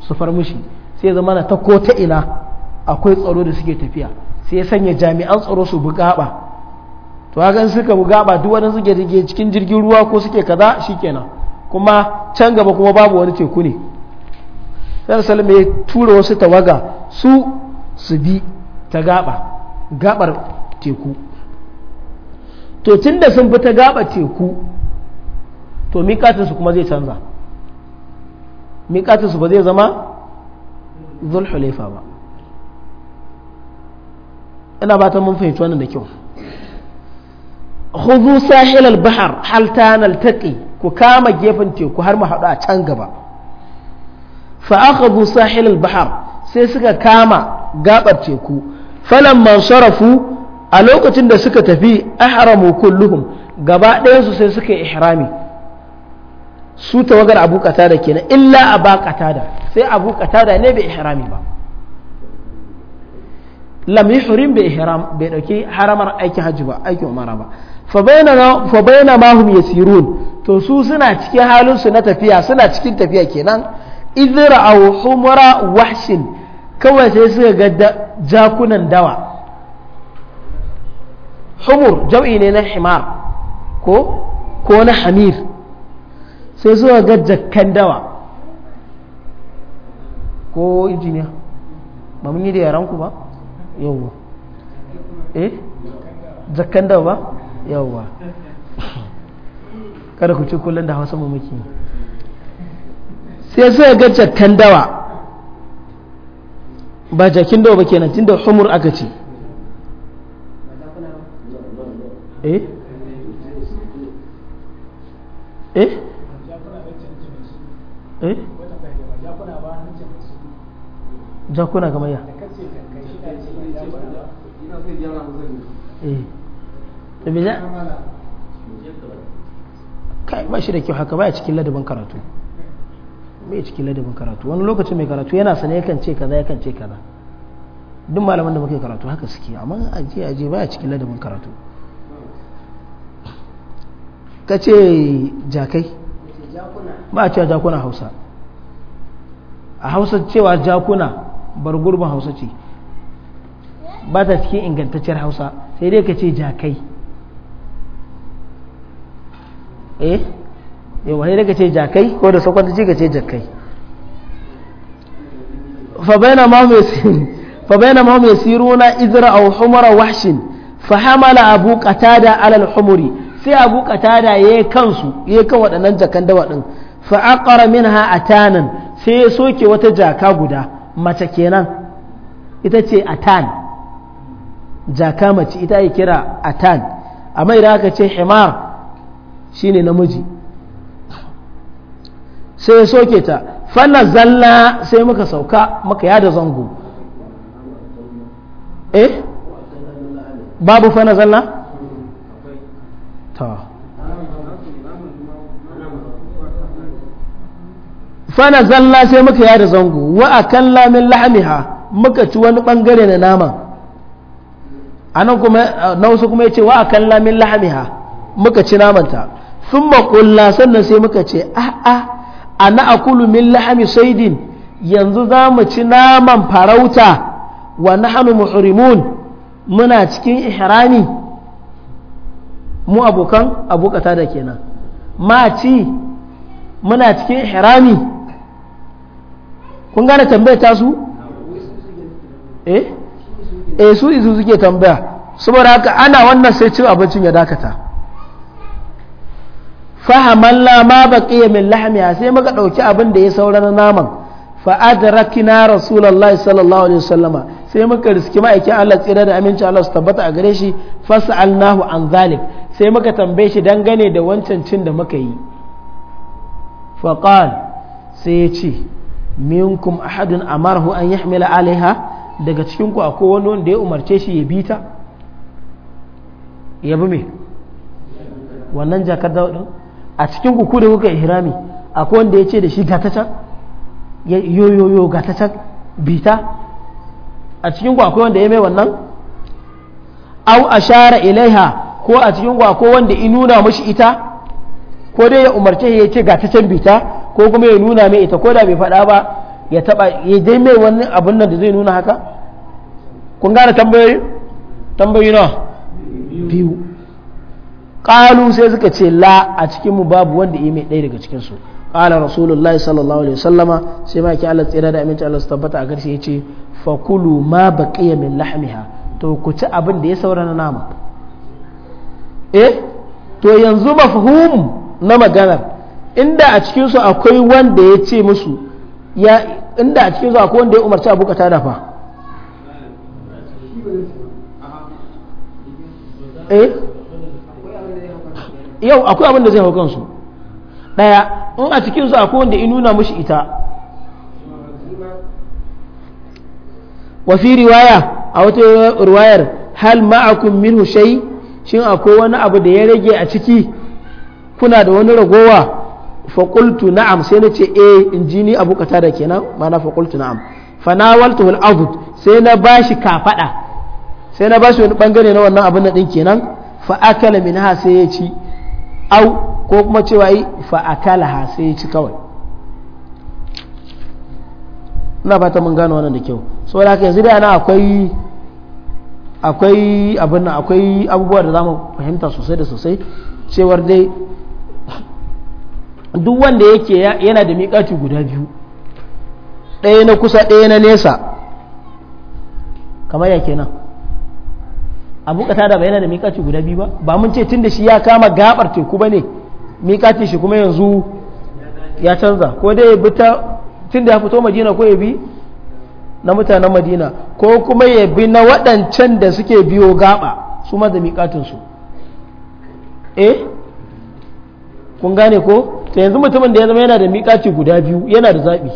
su far mushi sai zama na ta ko ta ina akwai tsaro da suke tafiya sai ya sanya jami'an tsaro su bi gaba to haka suka bi gaba duk wani suke cikin jirgin ruwa ko suke kaza shikenan kuma can gaba kuma babu wani teku ne sai salama ya tura wasu tawaga su su bi ta gaba gabar teku to tunda sun fi ta gaba teku to su kuma zai canza su ba zai zama zulhulaifa ba ina ba ta mun fahimci wannan da kyau khudhu sahil al-bahr hal tanaltaqi ku kama gefen teku har mu hadu a can gaba fa akhadhu sahil al bahar sai suka kama gabar teku falamma mansarafu a lokacin da suka tafi ahramu kulluhum gaba ɗayansu sai suka ihrami su tawagar abu katada kenan illa a ba katada sai abu katada ne bai ihrami ba lam hurin bai ihram bai dauki haramar aikin hajji ba aikin umara ba fa bainana fa bainama hum yasirun to su suna cikin halin na tafiya suna cikin tafiya kenan idra au humura wahshin kawai sai suka ga jakunan dawa humur jam'i ne na himar ko ko na hamir sai suka ga jakkan dawa ko injiniya ba mun yi da yaranku ba yauwa eh jakkan dawa ba yawwa <laughs> kada ku ci kullum da hausa mamaki muke sai suka ga jakkan dawa ba jakin dawa ba kenan tunda humur aka ce eh eh, eh? jakuna kamar ya eh. kai ba shi da kyau haka baya cikin ladabin karatu mai cikin ladabin karatu wani lokacin mai karatu yana sane yakan ce kaza yakan ce kaza duk malaman da muke karatu haka suke amma aje aje baya cikin ladabin karatu ka ce jakai ba a cewa jakuna hausa a hausa cewa jakuna bar gurbin hausa ce ba ta cikin ingantacciyar hausa sai dai ka ce jakai eh yawa sai daga ce jakai ko da sakwata ce ka ce jakai fa bayna ma hum na izira a humara washin fa hamala abu qatada da alal humuri sai abu ya yayi kansu yi kan waɗannan jakan dawa din fa ha a atanan sai ya soke wata jaka guda mace kenan ita ce a tan jaka mace ita yi kira tan amma idan aka ce himar shine namiji sai ya soke ta fana zalla sai muka sauka muka yada zango eh babu fana zalla ta fana zalla sai muka yada zango wa lamin min lahmiha muka ci wani bangare na naman anan kuma na wasu kuma ya ce wa lamin min lahmiha muka ci namanta sun makulla sannan sai muka ce a'a ah, ah, ana akulu min lahami saidin yanzu za mu ci naman farauta wa hannu muhrimun muna cikin ihrani mu abokan abokata da kenan ma ci muna cikin ihrani kun gane tambaya ta su eh eh su izu suke tambaya saboda haka ana wannan sai cin abincin ya dakata fahamalla ma baqiya min lahamiya sai muka ɗauki abin da ya saura na naman fa adrakna rasulullahi sallallahu alaihi wasallama sai muka riski ma'aikin Allah tsira da aminci Allah su tabbata a gare shi fas'alnahu an zalik sai muka tambaye shi dangane da wancan cin da muka yi fakal sai ya ce minkum ahadun amarahu an yahmila alaiha daga cikin ku wani wanda ya umarce shi ya bita ya bi me wannan jakar a cikin ku da kuka ihrami akwai wanda ya ce da shi gatacan, yoyoyo gatacan bita a cikin ku akwai wanda ya mai wannan au ashara ilaiha ko a cikin ku akwai wanda ya nuna mashi ita ko dai ya umarce ya ce gatacan bita ko kuma ya nuna mai ita ko da bai faɗa ba ya taba ya dai mai wani abun nan da zai nuna haka kun gane tambayoyi tambayoyi nawa biyu qalu sai suka ce la a cikin mu babu wanda yi mai ɗaya daga cikin su qala rasulullahi sallallahu alaihi wasallama sai ma ki Allah tsira da aminci Allah su tabbata a garshe yace fa kulu ma baqiya min lahmiha to ku ci abin da ya saura na nama eh to yanzu mafhum na maganar inda a cikin su akwai wanda ya ce musu ya inda a cikin su akwai wanda ya umarci abu ka tada fa eh yau akwai abin da zai hau kansu ɗaya in a cikinsu akwai wanda in nuna mashi ita wafi riwaya a wata ruwayar hal ma'akun min hushai shin akwai wani abu da ya rage a ciki kuna da wani ragowa fakultu na'am sai na ce eh in ji ni abu da kenan mana fakultu na'am fanawaltu al'adud sai na bashi kafaɗa sai na bashi wani bangare na wannan abin da ɗin kenan fa'akala min ha sai ya ci au ko kuma cewa yi fa'akalaha sai ya ci kawai na fata mun gano wannan da kyau da haka yanzu da yana akwai abin nan akwai abubuwa da zamu fahimta sosai da sosai cewar dai duk wanda yake yana da miƙaci guda biyu ɗaya na kusa ɗaya na nesa kamar yake nan. abu katada ba yana da miƙaci guda biyu ba ba mun ce tun da shi ya kama gabar teku ba ne miƙaci shi kuma yanzu ya canza ko dai ya bita tun da ya fito madina ko ya bi na mutanen madina ko kuma ya bi na waɗancan da suke biyo gaba su ma da miƙatinsu eh kun gane ko ta yanzu mutumin da ya zama yana da miƙaci guda biyu yana da zaɓi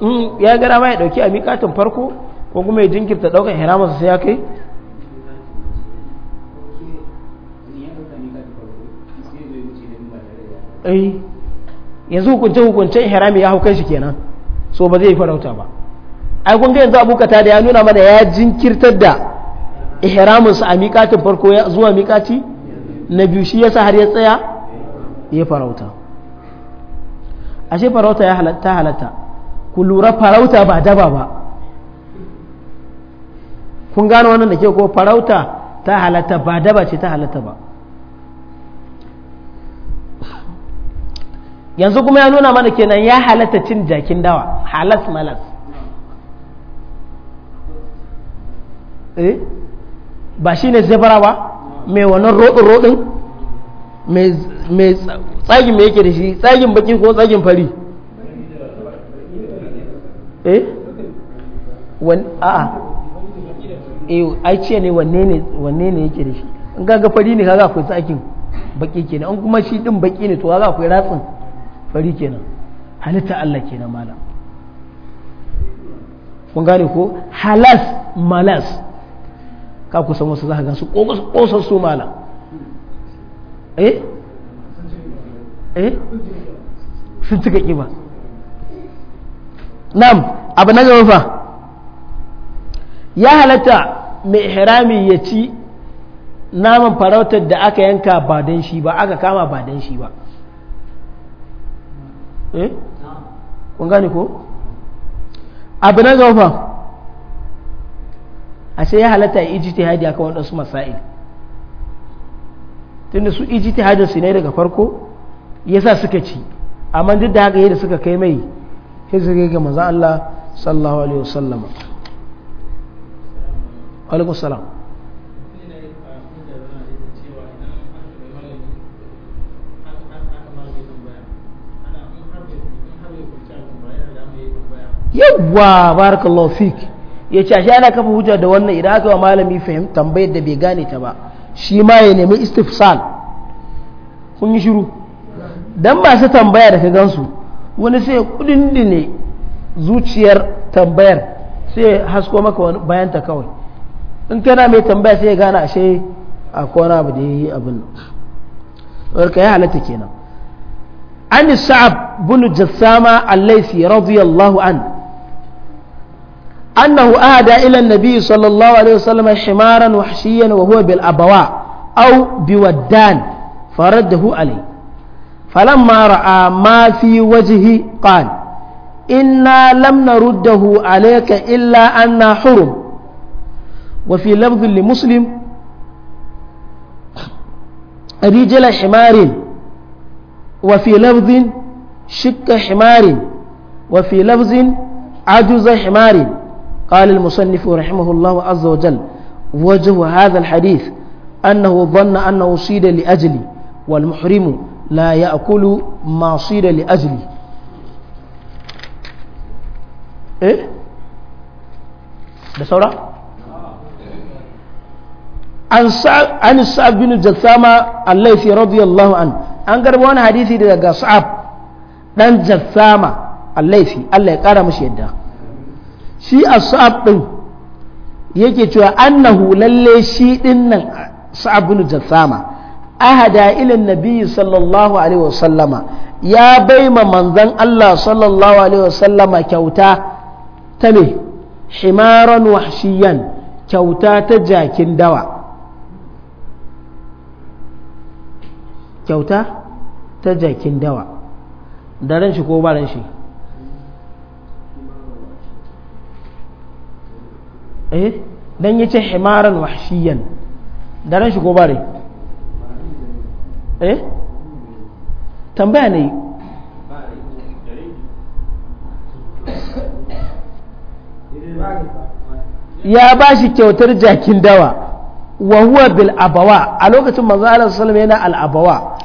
mm, ya gara ma ya ɗauki a miƙatin farko ko kuma ya jinkirta daukan ihraminsa sai ya kai ai eh, yanzu hukunce hukuncen ihrami ya hau kai shi kenan so ba zai yi farauta ba ai kun ga yanzu abokata da ya nuna mana ya jinkirtar da ihraminsa a miƙatin farko zuwa miƙati na biyu shi yasa har ya tsaya ya farauta ashe farauta ya halatta halatta ku lura farauta ba daba ba kun gano wannan da ke ko farauta ta halatta ba daba ce ta halatta ba yanzu kuma ya nuna mana kenan ya halatta cin jakin dawa halas malas eh ba shi ne zebra ba mai wannan roɗin-roɗin mai tsagin mai yake da shi tsagin baki ko tsagin fari eh wani a'a aice eh, ai ce ne wanne ne yake da shi in ga fari ne kaga akwai tsakin baki kenan an kuma shi din baki ne to kaga akwai ratsin fari kenan halitta Allah kenan malam kun gane ko halas malas ka kusan wasu za ka gansu kosar su malam eh eh sun cika kiba nam abu na gaba fa ya halatta mai ihrami ya ci naman farautar da aka yanka ba don shi ba aka kama ba don shi ba eh kun gane ko abu na gaba a sai ya halatta ya ijtihadi aka waɗansu masail tunda su iji ijtihadin su ne daga farko yasa suka ci amma duk da haka yadda suka kai mai sai suka ga maza Allah sallallahu alaihi wasallama alaikum salam yawwa barakallahu fik ya ce shi ana kafa hujja da wannan idan aka wa malami fahim tambayar da bai gane ta ba shi ma ya nemi istifsal kun yi shiru dan masu tambaya da ka gansu wani sai kudin ne zuciyar tambayar sai hasko maka wani bayanta kawai in kana mai tambaya sai ya gane ashe a kona abu da yi abin warka ya halatta kenan an sa'ab bin jassama al-laythi radiyallahu an annahu ahada ila an-nabi sallallahu alaihi wasallam himaran wahshiyan wa huwa bil abawa aw biwaddan faradahu alayhi فلما رأى ما في وجهه قال إنا لم نرده عليك إلا أن حرم وفي لفظ لمسلم رجل حمار وفي لفظ شك حمار وفي لفظ عجز حمار قال المصنف رحمه الله عز وجل وجه هذا الحديث أنه ظن أنه صيد لأجلي والمحرم لا يأكل ما صيد لأجلي إيه؟ ده an sa'ab bin jassama allaifi radiyallahu an an garba wani hadisi daga sa'ab dan jassama allaifi allah ya kara mashi yadda shi a sa'ab din yake cewa annahu lalle shi din nan sa'ab bin jassama ahada ila nabi sallallahu alaihi wasallama ya baima manzon allah sallallahu alaihi wasallama kyauta ta me himaran wahshiyan kyauta ta jakin dawa kyauta ta jakin dawa da ran shi ko ba ran shi eh dan yace himaran wahshiyan da ran shi ko ba rai eh tambaya ne ya ba shi kyautar jakin dawa wa huwa bil abawa a lokacin manzo Allah sallallahu yana al abawa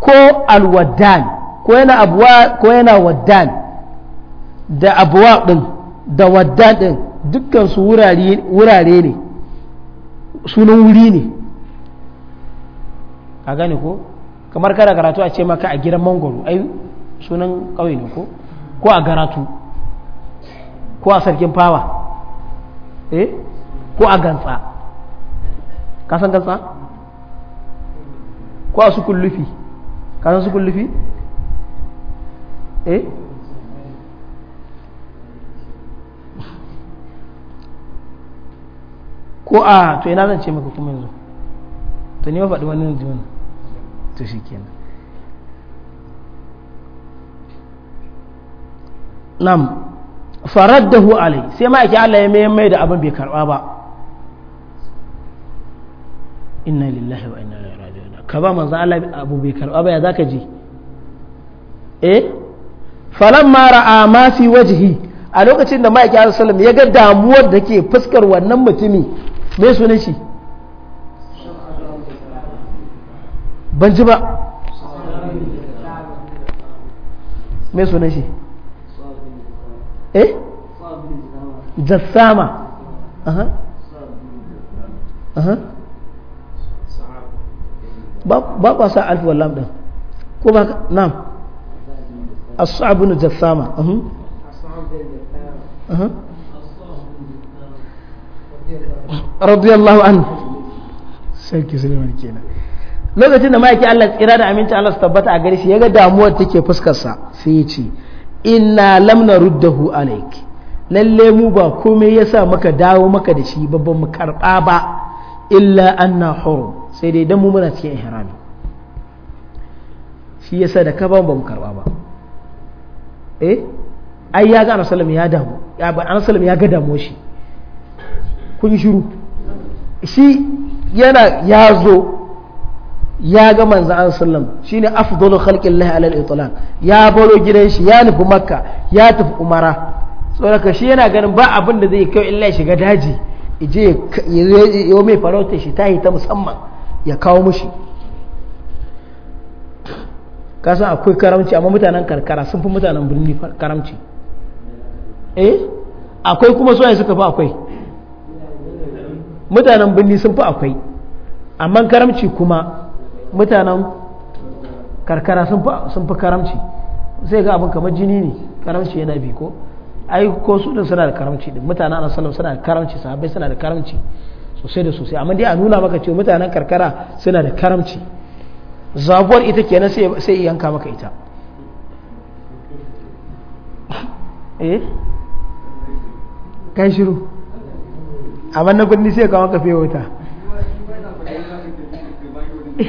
ko al waddan ko yana abwa ko yana waddan da abuwa din da waddan din dukkan su wurare wurare ne sunan wuri ne a gane ko kamar kada karatu a ce maka a gidan mangoro ai sunan kauye ne ko ko a garatu ko a sarkin fawa eh ko a gantsa kasan kasa ko a kullufi kasan su kullufi eh ko a to ina zan ce maka kuma yanzu to ni ma faɗi wani yanzu wani to shi kenan nam faraddahu alai sai ma ake Allah ya mai mai da abin bai karba ba inna lillahi wa inna ilaihi raji'un ka ba manzo Allah abu bai ba ya zaka ji eh falamma ra'a ma fi wajhi a lokacin da Mai sallam ya ga damuwar da ke fuskar wannan mutumi me sunan shi ban ji ba me sunan shi eh jassama aha aha ba kwa sa alif wallam din ko ba na'am as-sa'ab ibn jassama uh-huh. uh-huh. radiyallahu anhu sarki suleiman kenan lokacin da ma'aiki Allah tsira da aminci Allah su tabbata a gare shi yaga damuwar take fuskarsa sai ya ce inna lam naruddahu alaik lalle mu ba komai yasa maka dawo maka da shi babban mu karba ba illa anna hurum sai dai dan mu muna cikin ihrami shi yasa da ka ba mu karba ba eh ai ya ga annabi ya damu ya ba annabi ya ga damo shi kun shiru shi yana ya ya ga manzo an sallam shine afdalu ala al itlaq ya baro gidan shi ya nufi makka ya tafi umara saboda shi yana ganin ba abin da zai kai illa shiga daji ije ya mai farauta shi ta yi ta musamman ya kawo mushi kasan akwai karamci amma mutanen karkara sun fi mutanen birni karamci eh akwai kuma suwaye suka fi akwai mutanen birni sun fi akwai amma karamci kuma mutanen karkara sun fi karamci sai ga abin kamar jini ne karamci yana bi ko ai ko su din suna da karamci din mutanen ana suna da karamci sahabbai suna da karamci sosai da sosai amma dai a nuna maka cewa mutanen karkara suna da karamci zabuwar ita kenan sai yanka maka ita <laughs> eh kai shiru amma na kudi sai kawo kafe wuta <laughs>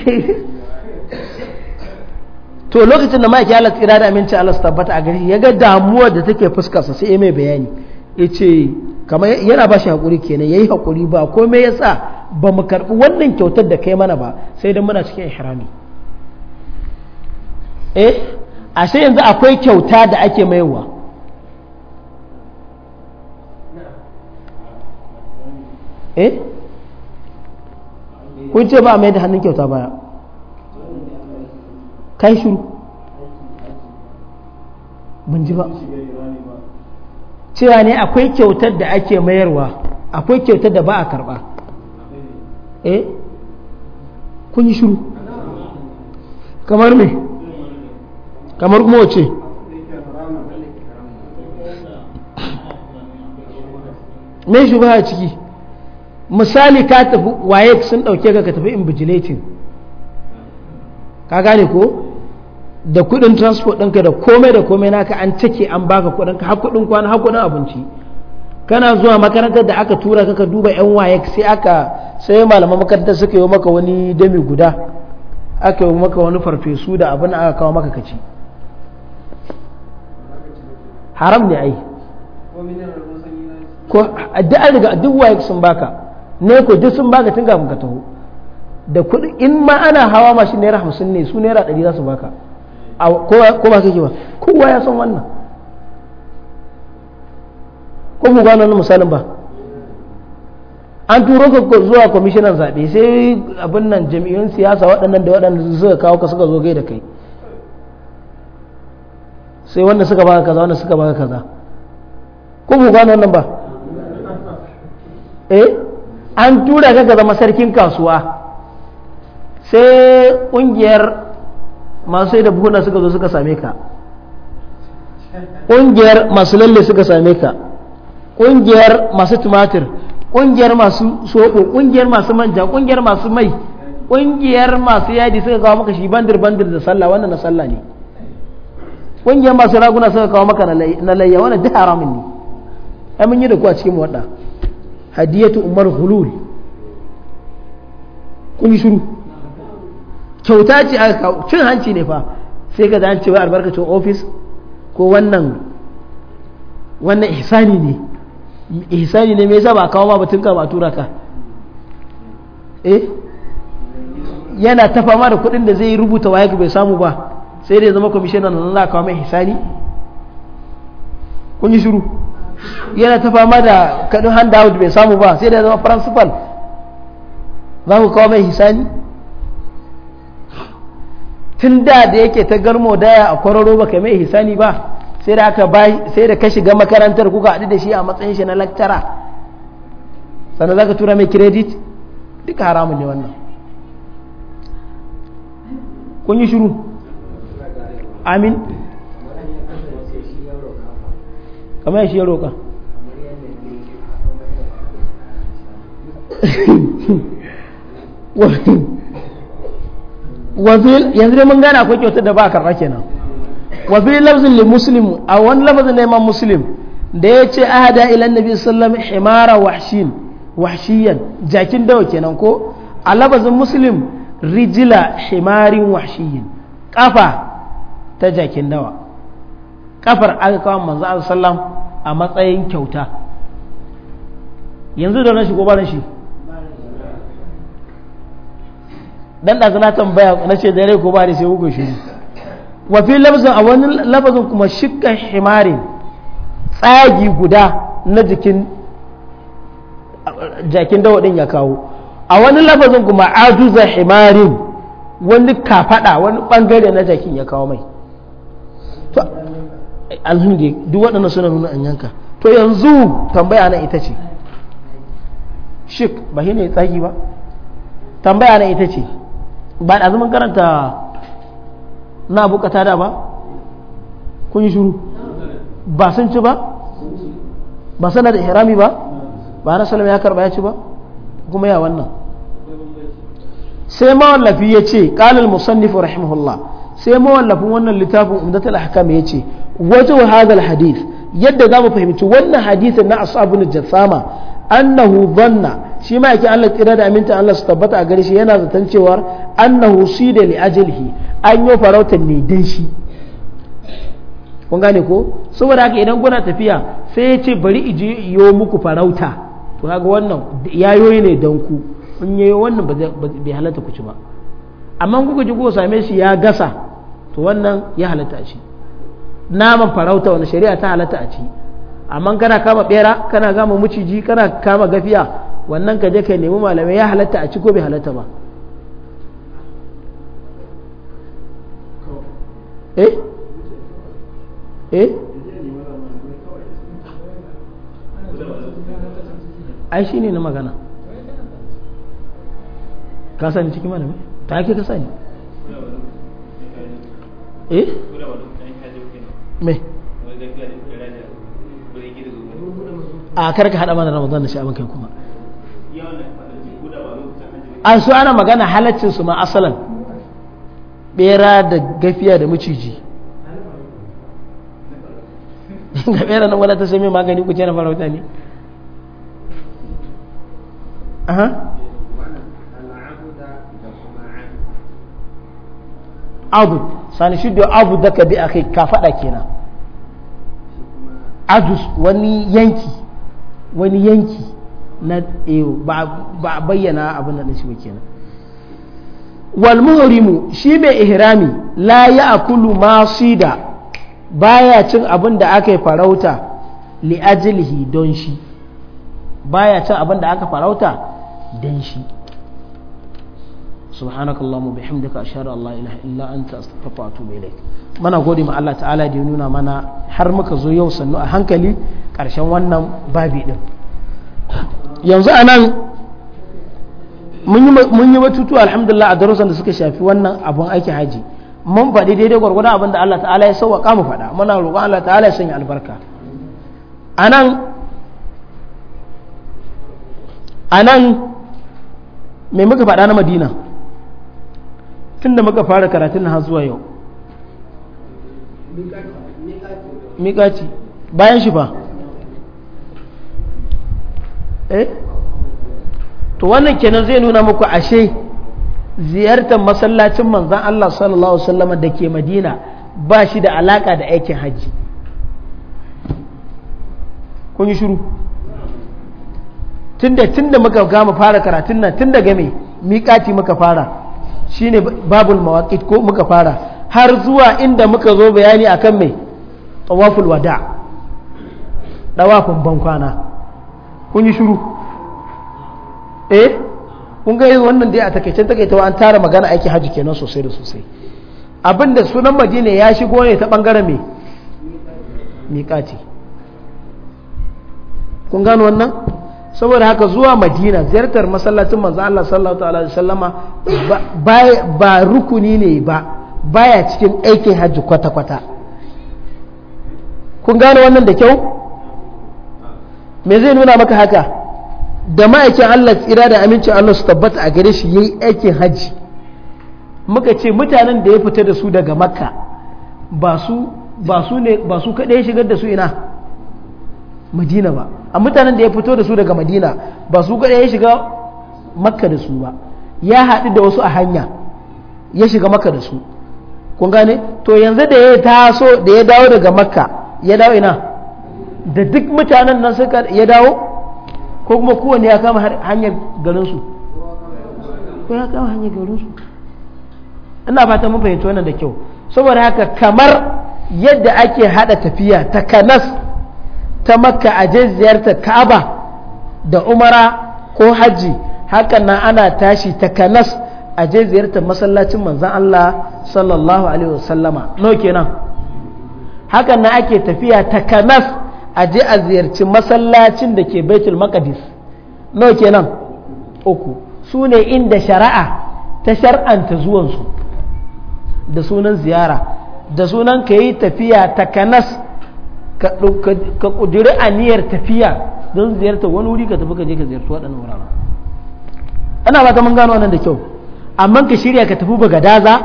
to lokacin da ma'aiki Allah tsira da aminci Allah su tabbata a gari ya ga damuwar da take fuskarsa sai ya mai bayani ya ce kamar yana ba shi hakuri kenan yayi hakuri ba komai yasa ba mu karbi wannan kyautar da kai mana ba sai dan muna cikin ihrami eh ashe yanzu akwai kyauta da ake maiwa eh kun ce ba a mai da hannun kyauta baya kai shuru ban ji ba cewa ne akwai kyautar da ake mayarwa akwai kyautar da ba a karba eh kun yi shiru kamar me kamar kuma wace mai shi ba ciki misali ka tafi waye sun dauke ka ka tafi bijilatin ka gane ko da kudin transport ɗinka da komai da komai naka an take an baka kudin ka hakudin kwana hakudin abinci kana zuwa makarantar da aka tura ka ka duba yan waye sai aka sai malaman makarantar suka yi maka wani dami guda aka yi maka wani farfesu da abin aka kawo maka kaci haram ne ai ko duk an riga duk waye sun baka ne ko duk sun baka tun kafin ka taho da kudin in ma ana hawa mashin naira hamsin ne su naira ɗari za su baka ko ba kake ba kowa ya san wannan ko mu gano wannan misalin ba an turo ka zuwa kwamishinan zaɓe sai abin nan jami'un siyasa waɗannan da waɗanda suka kawo ka suka zo gai da kai sai wanda suka baka kaza wanda suka baka kaza ko mu gano wannan ba eh an tura ka ka zama sarkin kasuwa sai ƙungiyar masu sai da buhuna suka zo suka same ka ƙungiyar masu lalle suka same ka ƙungiyar masu tumatir ƙungiyar masu soɓo ƙungiyar masu manja ƙungiyar masu mai ƙungiyar masu yadi suka kawo maka shi bandir bandir da sallah wannan na sallah ne ƙungiyar masu raguna suka kawo maka na layya wannan duk haramun ne ai mun yi da ku a cikin wadda hadiyatu umar hulul kun yi shiru kyauta ce aka kawo cin hanci ne fa sai ka an cewa albarkacin ofis ko wannan wannan ihsani ne ihsani ne me yasa ba kawo ma batun ka ba tura ka eh yana ta fama da kuɗin da zai rubuta waye bai samu ba sai dai zama kwamishina nan za kawo mai ihsani kun yi shiru yana ta fama da kaɗin handout bai samu ba sai dai zama principal za ku kawo mai ihsani tun da da yake ta garmo daya a kwararo baka mai hisani ba sai da aka bai sai da ka shiga makarantar kuka haɗu da shi a matsayin shi na lakcara sannan zaka tura mai credit duka haramun ne wannan kun yi shiru amin kamar shi ya roƙa <laughs> Well, yanzu dai mun gane akwai kyautar da ba a karɓa kenan wa lafzin li muslim a wani lafazin na imam muslim da ya ce ahada ila nabi sallam himara wahshin wahshiyan jakin dawa kenan ko a lafazin muslim rijila himarin wahshiyin kafa ta jakin dawa kafar aka kawo manzo sallam a matsayin kyauta yanzu da na ko ba shi dan da na tambaya na ce dare ko ba ne sai hukun shi wa fi lafzin a wani lafazin kuma shikkan himarin tsagi guda na jikin jakin dawadin ya kawo a wani lafazin kuma ajuza himarin wani kafada wani bangare na jakin ya kawo mai to alhamdi duk waɗannan suna nuna an yanka to yanzu tambaya na ita ce shik ba shi ne tsagi ba tambaya na ita ce ba da zaman karanta na bukata da ba kun yi shuru ba sun ci ba ba sana da ihrami ba ba na salama ya karba ya ci ba kuma ya wannan sai mawallafi ya ce kalal musannifu rahimahullah sai mawallafin wannan littafin umdatul ahkam ya ce wajen hadal hadith yadda za mu fahimci wannan hadithin na ashabun jassama annahu dhanna shi ma yake Allah tsira da aminta Allah su tabbata a gare shi yana zaton cewar annahu shida li ajlihi an yi farautar ne dan shi kun gane ko saboda haka idan kuna tafiya sai ya ce bari iji yo muku farauta to kaga wannan yayoyi ne dan ku in yayi wannan bai halatta ku ci ba amma kuka ji kuka same shi ya gasa to wannan ya halatta a ci naman farauta wani shari'a ta halatta a ci amma kana kama bera kana kama muciji kana kama gafiya wannan ka je ka nemi malamai ya halatta a ci ko bai halatta ba eh eh ai shi ne na magana ka sani cikin malami ta ake ka sani eh me a karka hada mana ramadan da shi abin kai kuma a su ana magana halaccin su ma asalan bera da gafiya da maciji ga bera nan wala ta sai mai magani ku ce na farauta ne aha abu sani shi da abu da ka bi a kai ka faɗa kenan adus wani yanki wani yanki na eh, ba bayyana abin da shi ba kenan wal muhrimu shi mai ihrami la ya'kulu ma da baya cin abin da aka farauta li ajlihi don shi baya cin abin da aka farauta don shi سبحانك اللهم وبحمدك اشهد ان لا illa anta انت استغفرك واتوب اليك mana gode ma Allah ta'ala da ya nuna mana har muka zo yau sannu a hankali karshen wannan babi din yanzu anan mun yi batutu alhamdulillah a darussan da suka shafi wannan abun aiki haji mun faɗi daidai gwargwadon abin da Allah ta'ala ya sauwa mu faɗa muna roƙon Allah ta'ala ya sanya albarka anan anan me muka faɗa na madina tun da muka fara karatun har zuwa yau miƙaci bayan shi fa eh to wannan kenan zai nuna muku ashe ziyartar masallacin manzan Allah sallallahu alaihi wasallam da ke Madina ba shi da alaka da aikin hajji kun yi shiru tunda tunda muka gama fara karatun nan tunda game miƙati muka fara shine babul mawaqit ko muka fara har zuwa inda muka zo bayani akan mai tawaful wada dawafin bankwana kun yi shiru eh kun ga wannan dai a takaicen takaitawa an tara magana aiki hajji kenan sosai da sosai abinda sunan madina ya shigo ne ta bangare me miƙati kun gano wannan saboda haka zuwa madina ziyartar masallacin manzo Allah sallallahu alaihi wasallama ba, ba rukuni ne ba baya cikin aikin hajji kwata-kwata kun gano wannan da kyau me zai nuna maka haka da ma'aikin Allah tsira da amincin Allah su tabbata a gare shi yayi aikin haji muka ce mutanen da ya fita da su daga makka ba su ba su ne ba su kadai ya shigar da su ina madina ba a mutanen da ya fito da su daga madina ba su kadai ya shiga makka da su ba ya haɗu da wasu a hanya ya shiga makka da su kun gane to yanzu da ya taso da ya dawo daga makka ya dawo ina da duk mutanen nan suka ya dawo ko kuma kowanne ya kama hanyar garinsu ko ya kama hanyar garinsu ina fata mun fahimci wannan da kyau saboda haka kamar yadda ake hada tafiya ta kanas ta makka a je ziyartar ka'aba da umara ko hajji hakan nan ana tashi ta kanas a je ziyartar masallacin manzan Allah sallallahu alaihi wasallama no kenan hakan nan ake tafiya ta kanas a je a ziyarci masallacin da ke baitul maqdis no kenan uku su ne inda shari'a ta shar'anta zuwansu da sunan ziyara da sunan ka yi tafiya kanas ka ƙudiri aniyar tafiya don ziyarta wani wuri ka tafi ka je ka ziyarci waɗannan wuraren ana ba ta mun gano wannan da kyau amma ka shirya ka tafi daza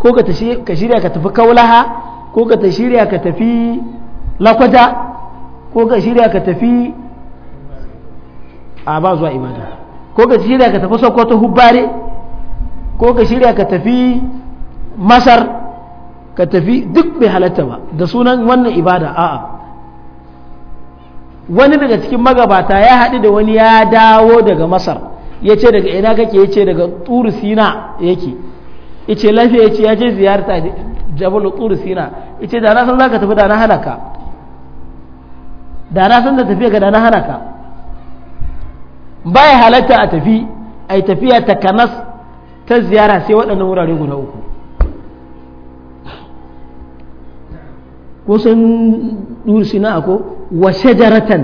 ko ka shirya ka tafi kaulaha ko ka shirya ka tafi lakwaja ko ka shirya ka tafi a ba zuwa ibada ko ka shirya ka tafi sokoto hubbare ko ka shirya ka tafi masar ka tafi duk bai halatta ba da sunan wannan ibada a'a wani daga cikin magabata ya haɗu da wani ya dawo daga masar ya ce daga ina kake ya ce daga turu yake ya ce lafiya ya ce ya je ziyarta jabalu turu ya ce da na san za ka tafi da na halaka da na san da tafiya ga da na hana ka baya halatta a tafi a tafiya ta kanas ta ziyara sai waɗannan wurare guda uku kusan ɗuri sina'a ko wa shajaratan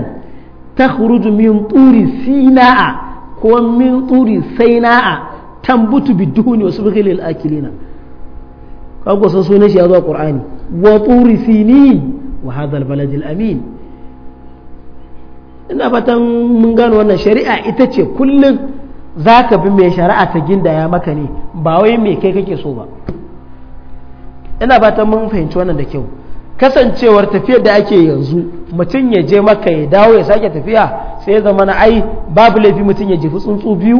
ta min ɗuri sina'a ko min ɗuri saina'a tambutu biduni wasu bukilil akilina kago sun sunan shi ya zuwa ƙur'ani wa ɗuri sinin wa hadal albalad amin ina fatan mun gano wannan shari'a ita ce kullum za ka bi mai shari'a ta gindaya maka ne ba wai mai kai kake so ba ina fatan mun fahimci wannan da kyau kasancewar tafiyar da ake yanzu mutum ya je maka ya dawo ya sake tafiya sai ya zama na ai babu laifi mutum ya jefi tsuntsu biyu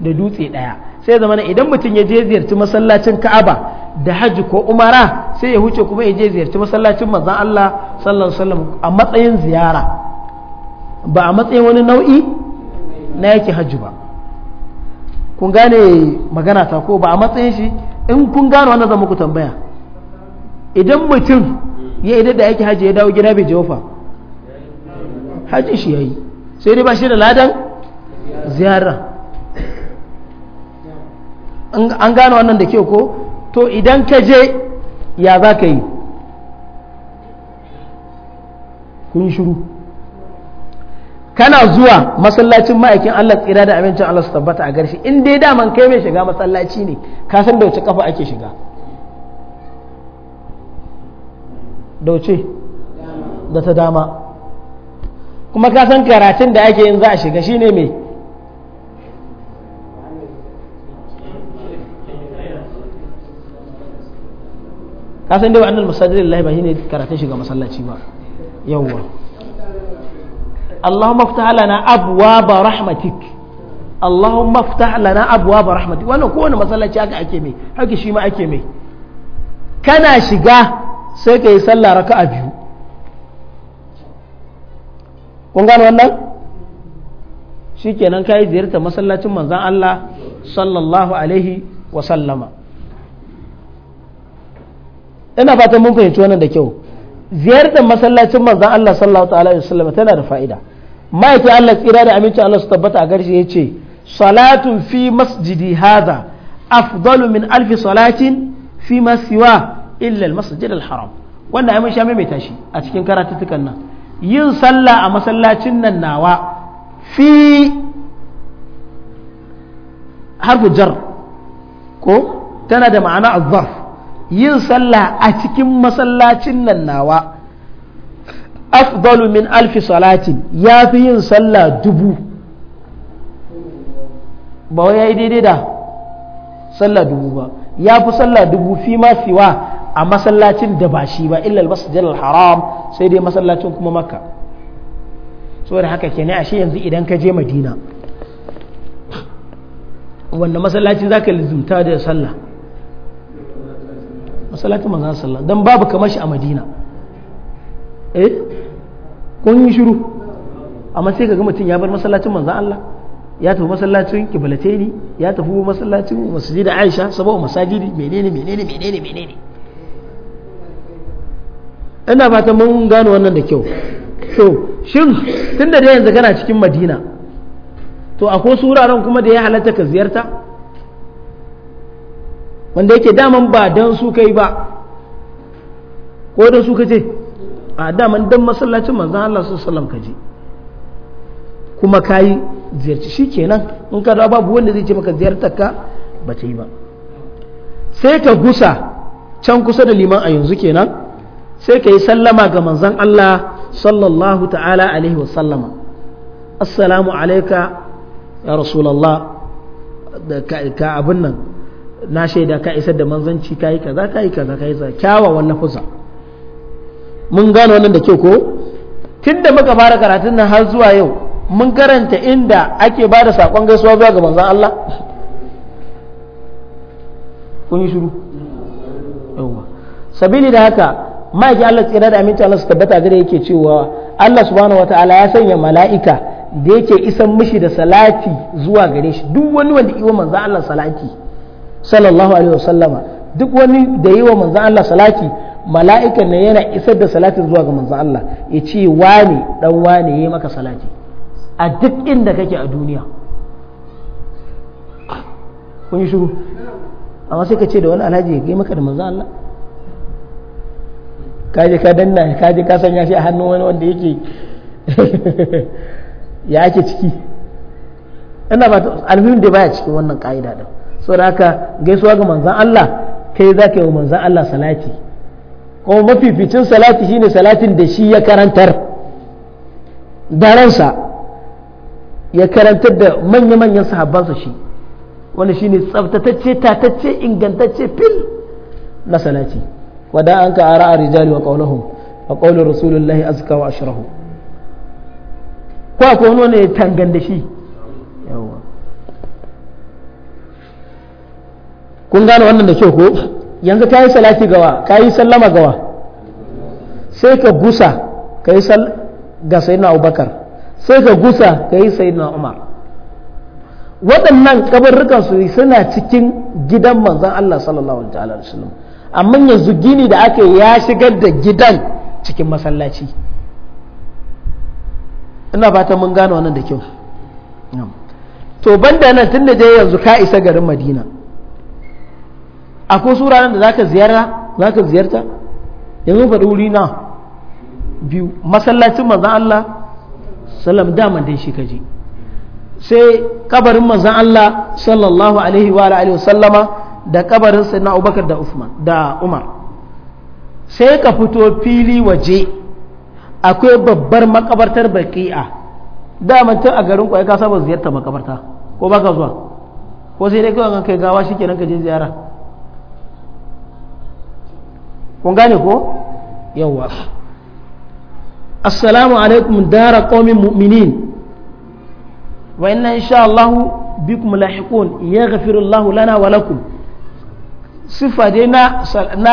da dutse ɗaya sai ya zama na idan mutum ya je ziyarci masallacin ka'aba da hajji ko umara sai ya huce kuma ya je ziyarci masallacin manzon Allah sallallahu alaihi wasallam a matsayin ziyara ba a matsayin wani nau'i na yake hajji ba kun gane magana ta ko ba a matsayin shi in kun gane wannan zama ku tambaya idan mutum ya idan da yake hajji ya dawo gida bai jawafa hajji shi ya yi sai dai ba shi da ladan ziyara an gane wannan da ke ko to idan ka je ya za ka yi kun shiru kana zuwa masallacin ma'aikin Allah tsira da abincin Allah su tabbata a garshi in dai daman kai mai shiga masallaci ne ka san da wace kafa ake shiga da wace da ta dama kuma ka san karatun da ake yin za a shiga shine mai ka san dai wa'annan masallacin lahi ba shine karatun shiga masallaci ba yawwa Allahumma ftah lana abwaaba rahmatik Allahumma ftah lana abwaaba rahmatik wannan kowane masallaci haka ake mai haka shi ma ake mai kana shiga sai ka yi sallah raka'a biyu kun gano wannan shikenan kai ziyarta masallacin manzon Allah sallallahu alaihi wa sallama ina fatan mun fahimci wannan da kyau ziyartar masallacin manzon Allah sallallahu alaihi wa sallama tana da fa'ida ma'aikin Allah tsira da amincin Allah su tabbata a garshe ya ce salatun fi masjidi hada afdalu min alfi salatin fi masiwa illa masjid alharam wannan ai mun sha maimaita shi a cikin karatuttukan nan yin sallah a masallacin nan nawa fi harfu jar ko tana da ma'ana azzarf yin sallah a cikin masallacin nan nawa afdalu min alfi salatin ya fi yin sallah dubu ba wai ya yi daidai da sallah dubu ba ya fi sallah dubu fi ma siwa a masallacin da ba shi ba illal masjid haram sai dai masallacin kuma makka saboda haka kenan ashe yanzu idan ka je madina wanda masallaci za ka lizumta da sallah masallacin manzan sallah don babu kamar shi a madina eh kun yi shiru amma sai kaga mutum ya bar masallacin manzan Allah ya tafi masallacin kiblateni ya tafi masallacin masjid Aisha sabo masajidi menene menene menene menene ina fata mun gano wannan da kyau to shin tunda dai yanzu kana cikin Madina to akwai suraren kuma da ya halatta ka ziyarta wanda yake daman ba dan su kai ba ko dan su kace a daman dan masallacin manzon Allah sallallahu alaihi kuma kayi ziyarci shi kenan in ka dawo babu wanda zai ce maka ziyartar ka ba ta yi ba sai ka gusa can kusa da liman a yanzu kenan sai ka yi sallama ga manzan Allah sallallahu ta'ala alaihi wa assalamu alaika ya rasulallah ka ka abin nan na shaida ka isar da manzanci ka yi kaza ka yi kaza ka yi kaza kyawawan nafusa mun gano wannan da kyau ko tun da muka fara karatun nan har zuwa yau mun karanta inda ake ba da saƙon gaisuwa zuwa ga manzan Allah kun yi shiru yawa sabili da haka ma'aiki Allah tsira da aminci Allah su tabbata gare yake cewa Allah subhanahu wataala ya sanya mala'ika da yake isan mishi da salati zuwa gare shi duk wani wanda iwa manzan Allah salati sallallahu alaihi wasallama duk wani da yi wa manzan Allah salati mala'ika nan yana isar da salatin zuwa ga manzon Allah ya ce wani dan wani yayi maka salati a duk inda kake a duniya kun yi shiru amma sai ka ce da wani alhaji ya maka da manzon Allah kaje ka danna kaje ka sanya shi a hannun wani wanda yake <laughs> ya ake ciki ina ba ta da baya cikin wannan ka'ida din saboda haka gaisuwa ga manzon Allah kai zaka yi wa manzon Allah salati kuma mafificin salati shine salatin da shi ya karantar daransa ya karantar da manya-manyan sahabbansa shi wanda shine tsabtatacce tatacce ingantacce fil na salati wadda an ka ara a rijali wa ƙaunar wa qaulu rasulullahi azka wa ashrahu kwa ko wani ya tangan da shi kun gane wannan da kyau ko yanzu ka yi salati gawa ka yi sallama gawa sai ka gusa ka yi sal, ga na abubakar sai ka gusa ka yi na umar waɗannan kabarrukan su suna cikin gidan manzan Allah sallallahu alaihi wasallam amma yanzu gini da aka ya shigar da gidan cikin masallaci ina fata mun gano wannan da kyau to banda nan tun da yanzu ka isa garin madina akwai suraren da za ziyara ziyarta yanzu faɗi wuri na biyu masallacin mazan Allah Salam daman dai shi kaji sai kabarin mazan Allah sallallahu alaihi wa alaihi wa sallama da kabarin sayyidina Abubakar da da Umar sai ka fito fili waje akwai babbar makabartar baki'a daman tun a garin kwaye ka saba ziyarta makabarta ko baka zuwa ko sai dai kawai kai gawa kenan ka je ziyara kun gane ko yawa assalamu alaikum dara qaumin mu'minin wa inna insha Allah bikum lahiqun yaghfiru Allah lana wa lakum sifa dai na na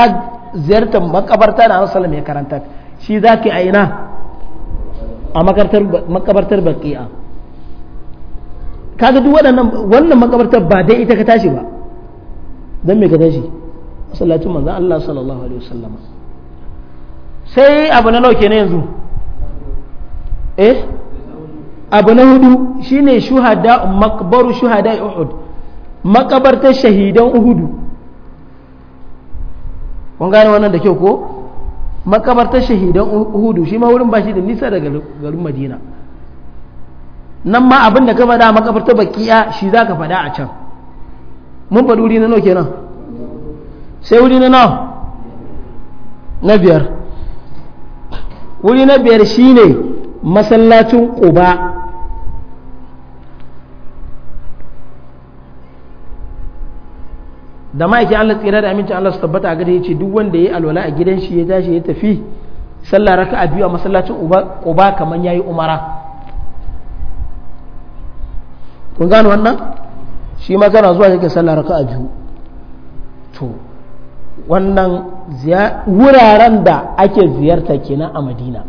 ziyartar makabarta na Annabi mai karanta shi zaki a ina a makabartar makabartar baqiya kaga duk wannan makabartar ba dai ita ka tashi ba dan me ka tashi masallacin manzan Allah sallallahu alaihi wasallama sai abu na nauke na yanzu eh abu na hudu shine shuhada makabaru shuhada uhud makabartar shahidan uhudu kun gane wannan da kyau ko makabartar shahidan uhudu shi ma wurin bashi da nisa daga garin madina nan ma abin da ka faɗa makabartar bakiya shi za ka faɗa a can mun faɗi wuri na nauke nan sai wuri na nawa na biyar wuri na biyar shine masallacin ƙuba da ma'aikin Allah tsira da amincin Allah su tabbata a gare ya ce duk wanda ya alwala a gidan shi ya tashi ya tafi sallah raka a biyu a masallacin uba kamar yayi umara kun gano wannan shi ma kana zuwa yake sallah raka a biyu to wannan wuraren da ake ziyarta kenan a madina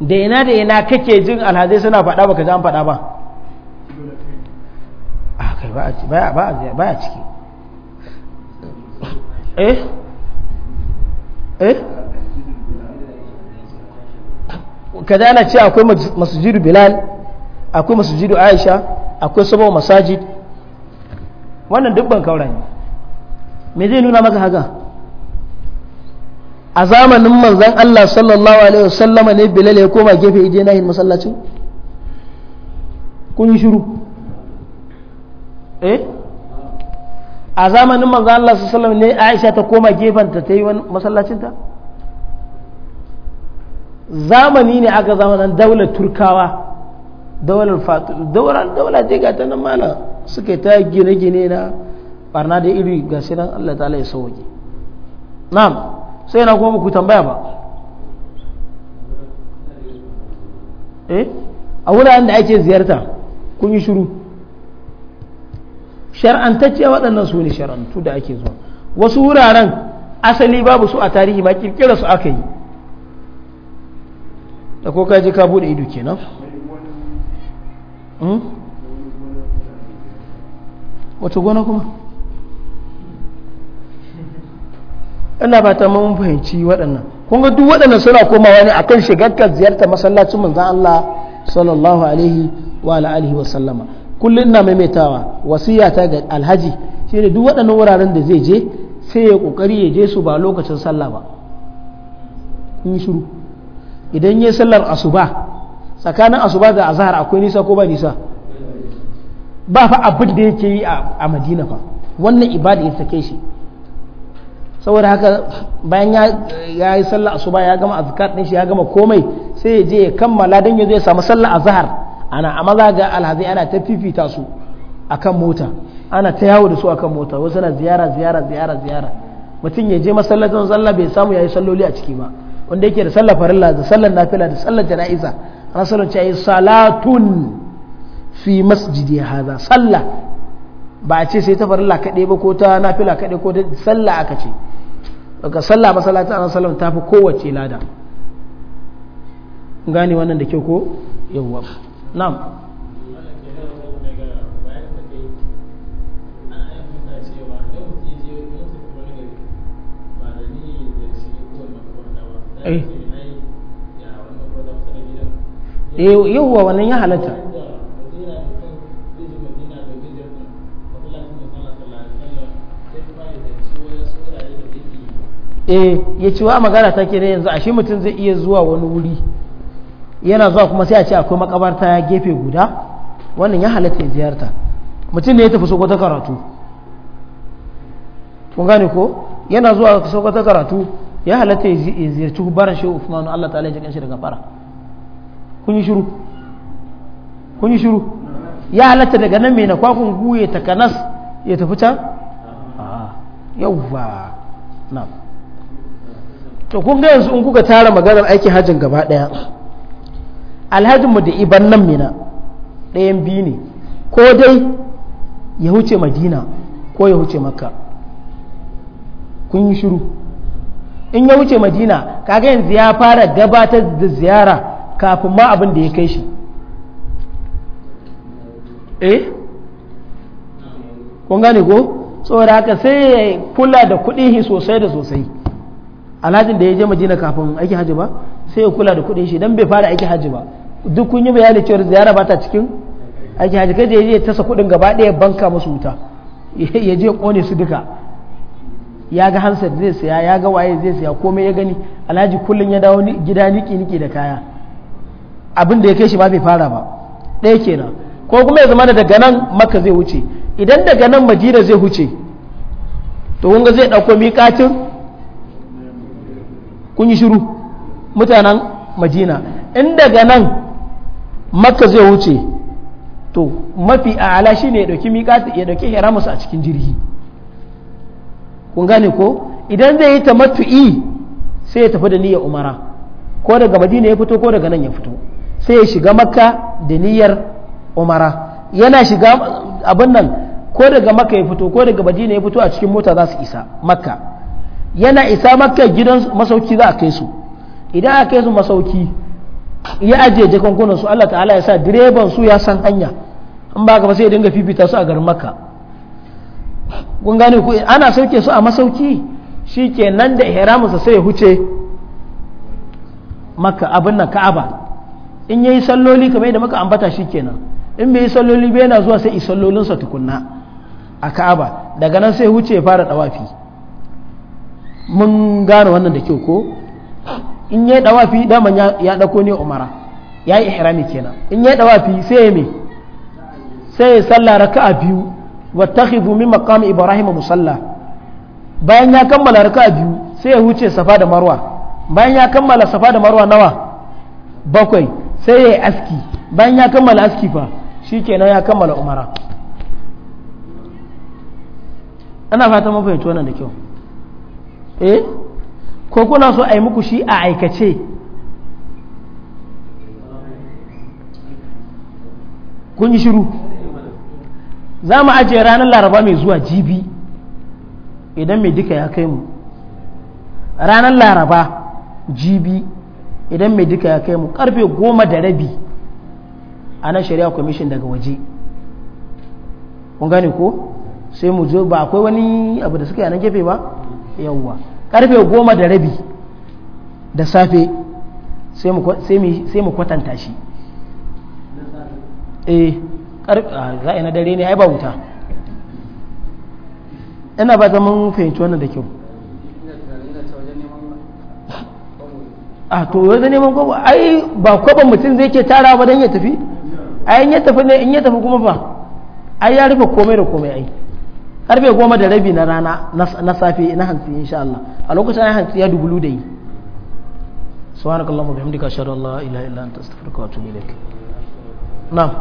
da ina da ina kake jin alhazai suna faɗa ka ji an faɗa ba a kai ba a ciki eh eh kaza ana ce akwai masujidu bilal akwai masujidu aisha akwai sabon masajid wannan dubban kaura ne me zai nuna maka haka a zamanin manzan Allah sallallahu alaihi wasallama ne bilal ya koma gefe ije nahin masallacin kun yi shiru eh a zamanin manzan Allah sallallahu alaihi ne Aisha ta koma gefen ta yi ta zamani ne aka zamanin daular turkawa daular fatu daular daular ce ga ta nan mana suka ta gine-gine na barna da iri ga sai nan Allah ta'ala ya sauke na'am sai na kuma ku tambaya ba eh a wuraren da ake ziyarta kun yi shiru shar'antacce waɗannan su ne shar'antu da ake zuwa wasu wuraren asali babu su a tarihi ba kirkira su aka yi da ko kaji ka bude ido kenan hmm? wata gona kuma ina ba ta mun fahimci waɗannan kun ga duk waɗannan suna komawa ne akan shigarka ziyarta masallacin manzon Allah sallallahu alaihi wa alihi wa sallama kullum ina maimaitawa wasiya ta ga alhaji shine duk waɗannan wuraren da zai je sai ya kokari ya je su ba lokacin sallah ba in shiru idan yayi sallar asuba tsakanin asuba da azahar akwai nisa ko ba nisa ba fa abin da yake yi a madina fa wannan ibada ya sake shi saboda haka bayan ya yi sallah asuba ya gama azkar din shi ya gama komai sai ya je ya kammala dan ya zo samu sallah zahar ana a maza ga alhazi ana ta fifita su akan mota ana ta yawo da su akan mota wasu na ziyara ziyara ziyara ziyara mutum ya je masallacin sallah bai samu ya yi salloli a ciki ba wanda yake da sallah farilla da sallar nafila da sallah jana'iza rasulun ce salatun fi masjidi haza sallah ba a ce sai ta farilla kaɗai ba ko ta nafila kaɗai ko ta sallah aka ce daga sallah masallacin annabi sallam ta fi kowace lada gani wannan da kyau ko yawwa na'am eh, eh yawwa wannan ya halatta eh ya ce wa magana ta ne yanzu ashe mutum zai iya zuwa wani wuri yana zuwa kuma sai a ce akwai makabarta gefe guda wannan ya halatta ya ziyarta mutum ne ya tafi sokoto karatu kun gane ko yana zuwa sokoto karatu ya halatta ya ziyarci hubaran shehu Uthman Allah ta'ala ya jikin shi daga fara kun yi shiru kun yi shiru ya halatta daga nan mai na kwakun guye takanas ya tafi can yauwa na'am to kun ga yanzu in kuka tara maganar aikin hajjin gaba ɗaya alhajin mu da iban nan mina ɗayan biyu ne ko dai ya huce madina ko ya huce makka kun yi shiru in ya wuce madina kaga yanzu ya fara gabatar da ziyara kafin ma abin da ya kai shi eh kun gane ko tsoraka sai ya kula da kuɗi sosai da sosai alhajin da ya je madina kafin aiki hajji ba sai ya kula da kuɗin shi dan bai fara aiki hajji ba duk kun yi bayani cewa ziyara ba ta cikin aiki hajji kai je ya tasa kuɗin gaba daya banka masu wuta ya je kone su duka ya ga hansar zai siya ya ga waye zai siya komai ya gani alhaji kullum ya dawo gida niki niki da kaya abin da ya kai shi ba bai fara ba ɗaya kenan ko kuma ya zama da daga nan maka zai wuce idan daga nan madina zai wuce to kun ga zai ɗauko miƙatin kun yi shiru mutanen majina in daga nan makka zai wuce to mafi a shi shine ya dauki miƙati ya dauki masu a cikin jirgi kun gane ko idan zai yi ta matu'i sai ya tafi da niyyar umara ko daga madina ya fito ko daga nan ya fito sai ya shiga makka da niyyar umara yana shiga abin nan ko daga makka ya fito ko daga madina ya fito a cikin mota za su isa makka yana isa maka gidan masauki za a kai su idan a kai su masauki ya ajiye jakunkunan su Allah ta'ala ya sa direban su ya san hanya in ba ba sai dinga fifita su a garin maka, kun gane ku ana sauke su a masauki shi ke nan da ihraminsa sai ya huce maka abin nan ka'aba in yayi salloli kamar da muka ambata shi kenan in bai yi salloli ba yana zuwa sai yi sallolinsa tukunna a ka'aba daga nan sai huce ya fara dawafi mun gane wannan da kyau ko in ya dawafi daman ya dauko ne umara ya yi ihrami kenan in ya dawafi sai ya me sai ya salla raka'a biyu takhifu min maqami ibrahim musalla bayan ya kammala raka'a biyu sai ya huce safa da marwa bayan ya kammala safa da marwa nawa bakwai sai ya yi aski bayan ya kammala aski fa shikenan ya kammala umara ana fata mun fahimci wannan da kyau eh ko kuna so a yi muku shi a aikace kun yi shiru za mu ajiye ranar laraba mai zuwa jibi idan mai duka ya kai mu ranar laraba jibi idan mai duka ya kai mu karfe goma da rabi a nan shari'a kwamishin daga waje kun gane ko sai mu zo ba akwai wani abu da suka yi a gefe ba yawwa karfe goma da rabi da safe sai mu kwatanta shi eh za a na dare ne ai ba wuta ina ba zama fahimci wannan da kyau a <laughs> ah, to zane man kwabo ai ba kwaban mutum zai ke tara ba don ya tafi a in ya tafi ne in ya tafi kuma ba ai ya rufe komai da komai ai karfe goma da rabi na rana na safe na hantsi insha Allah a lokacin ya hantsi ya dubulu da yi subhanakallahumma bihamdika ashhadu an la ilaha illa anta astaghfiruka wa atubu ilaik na'am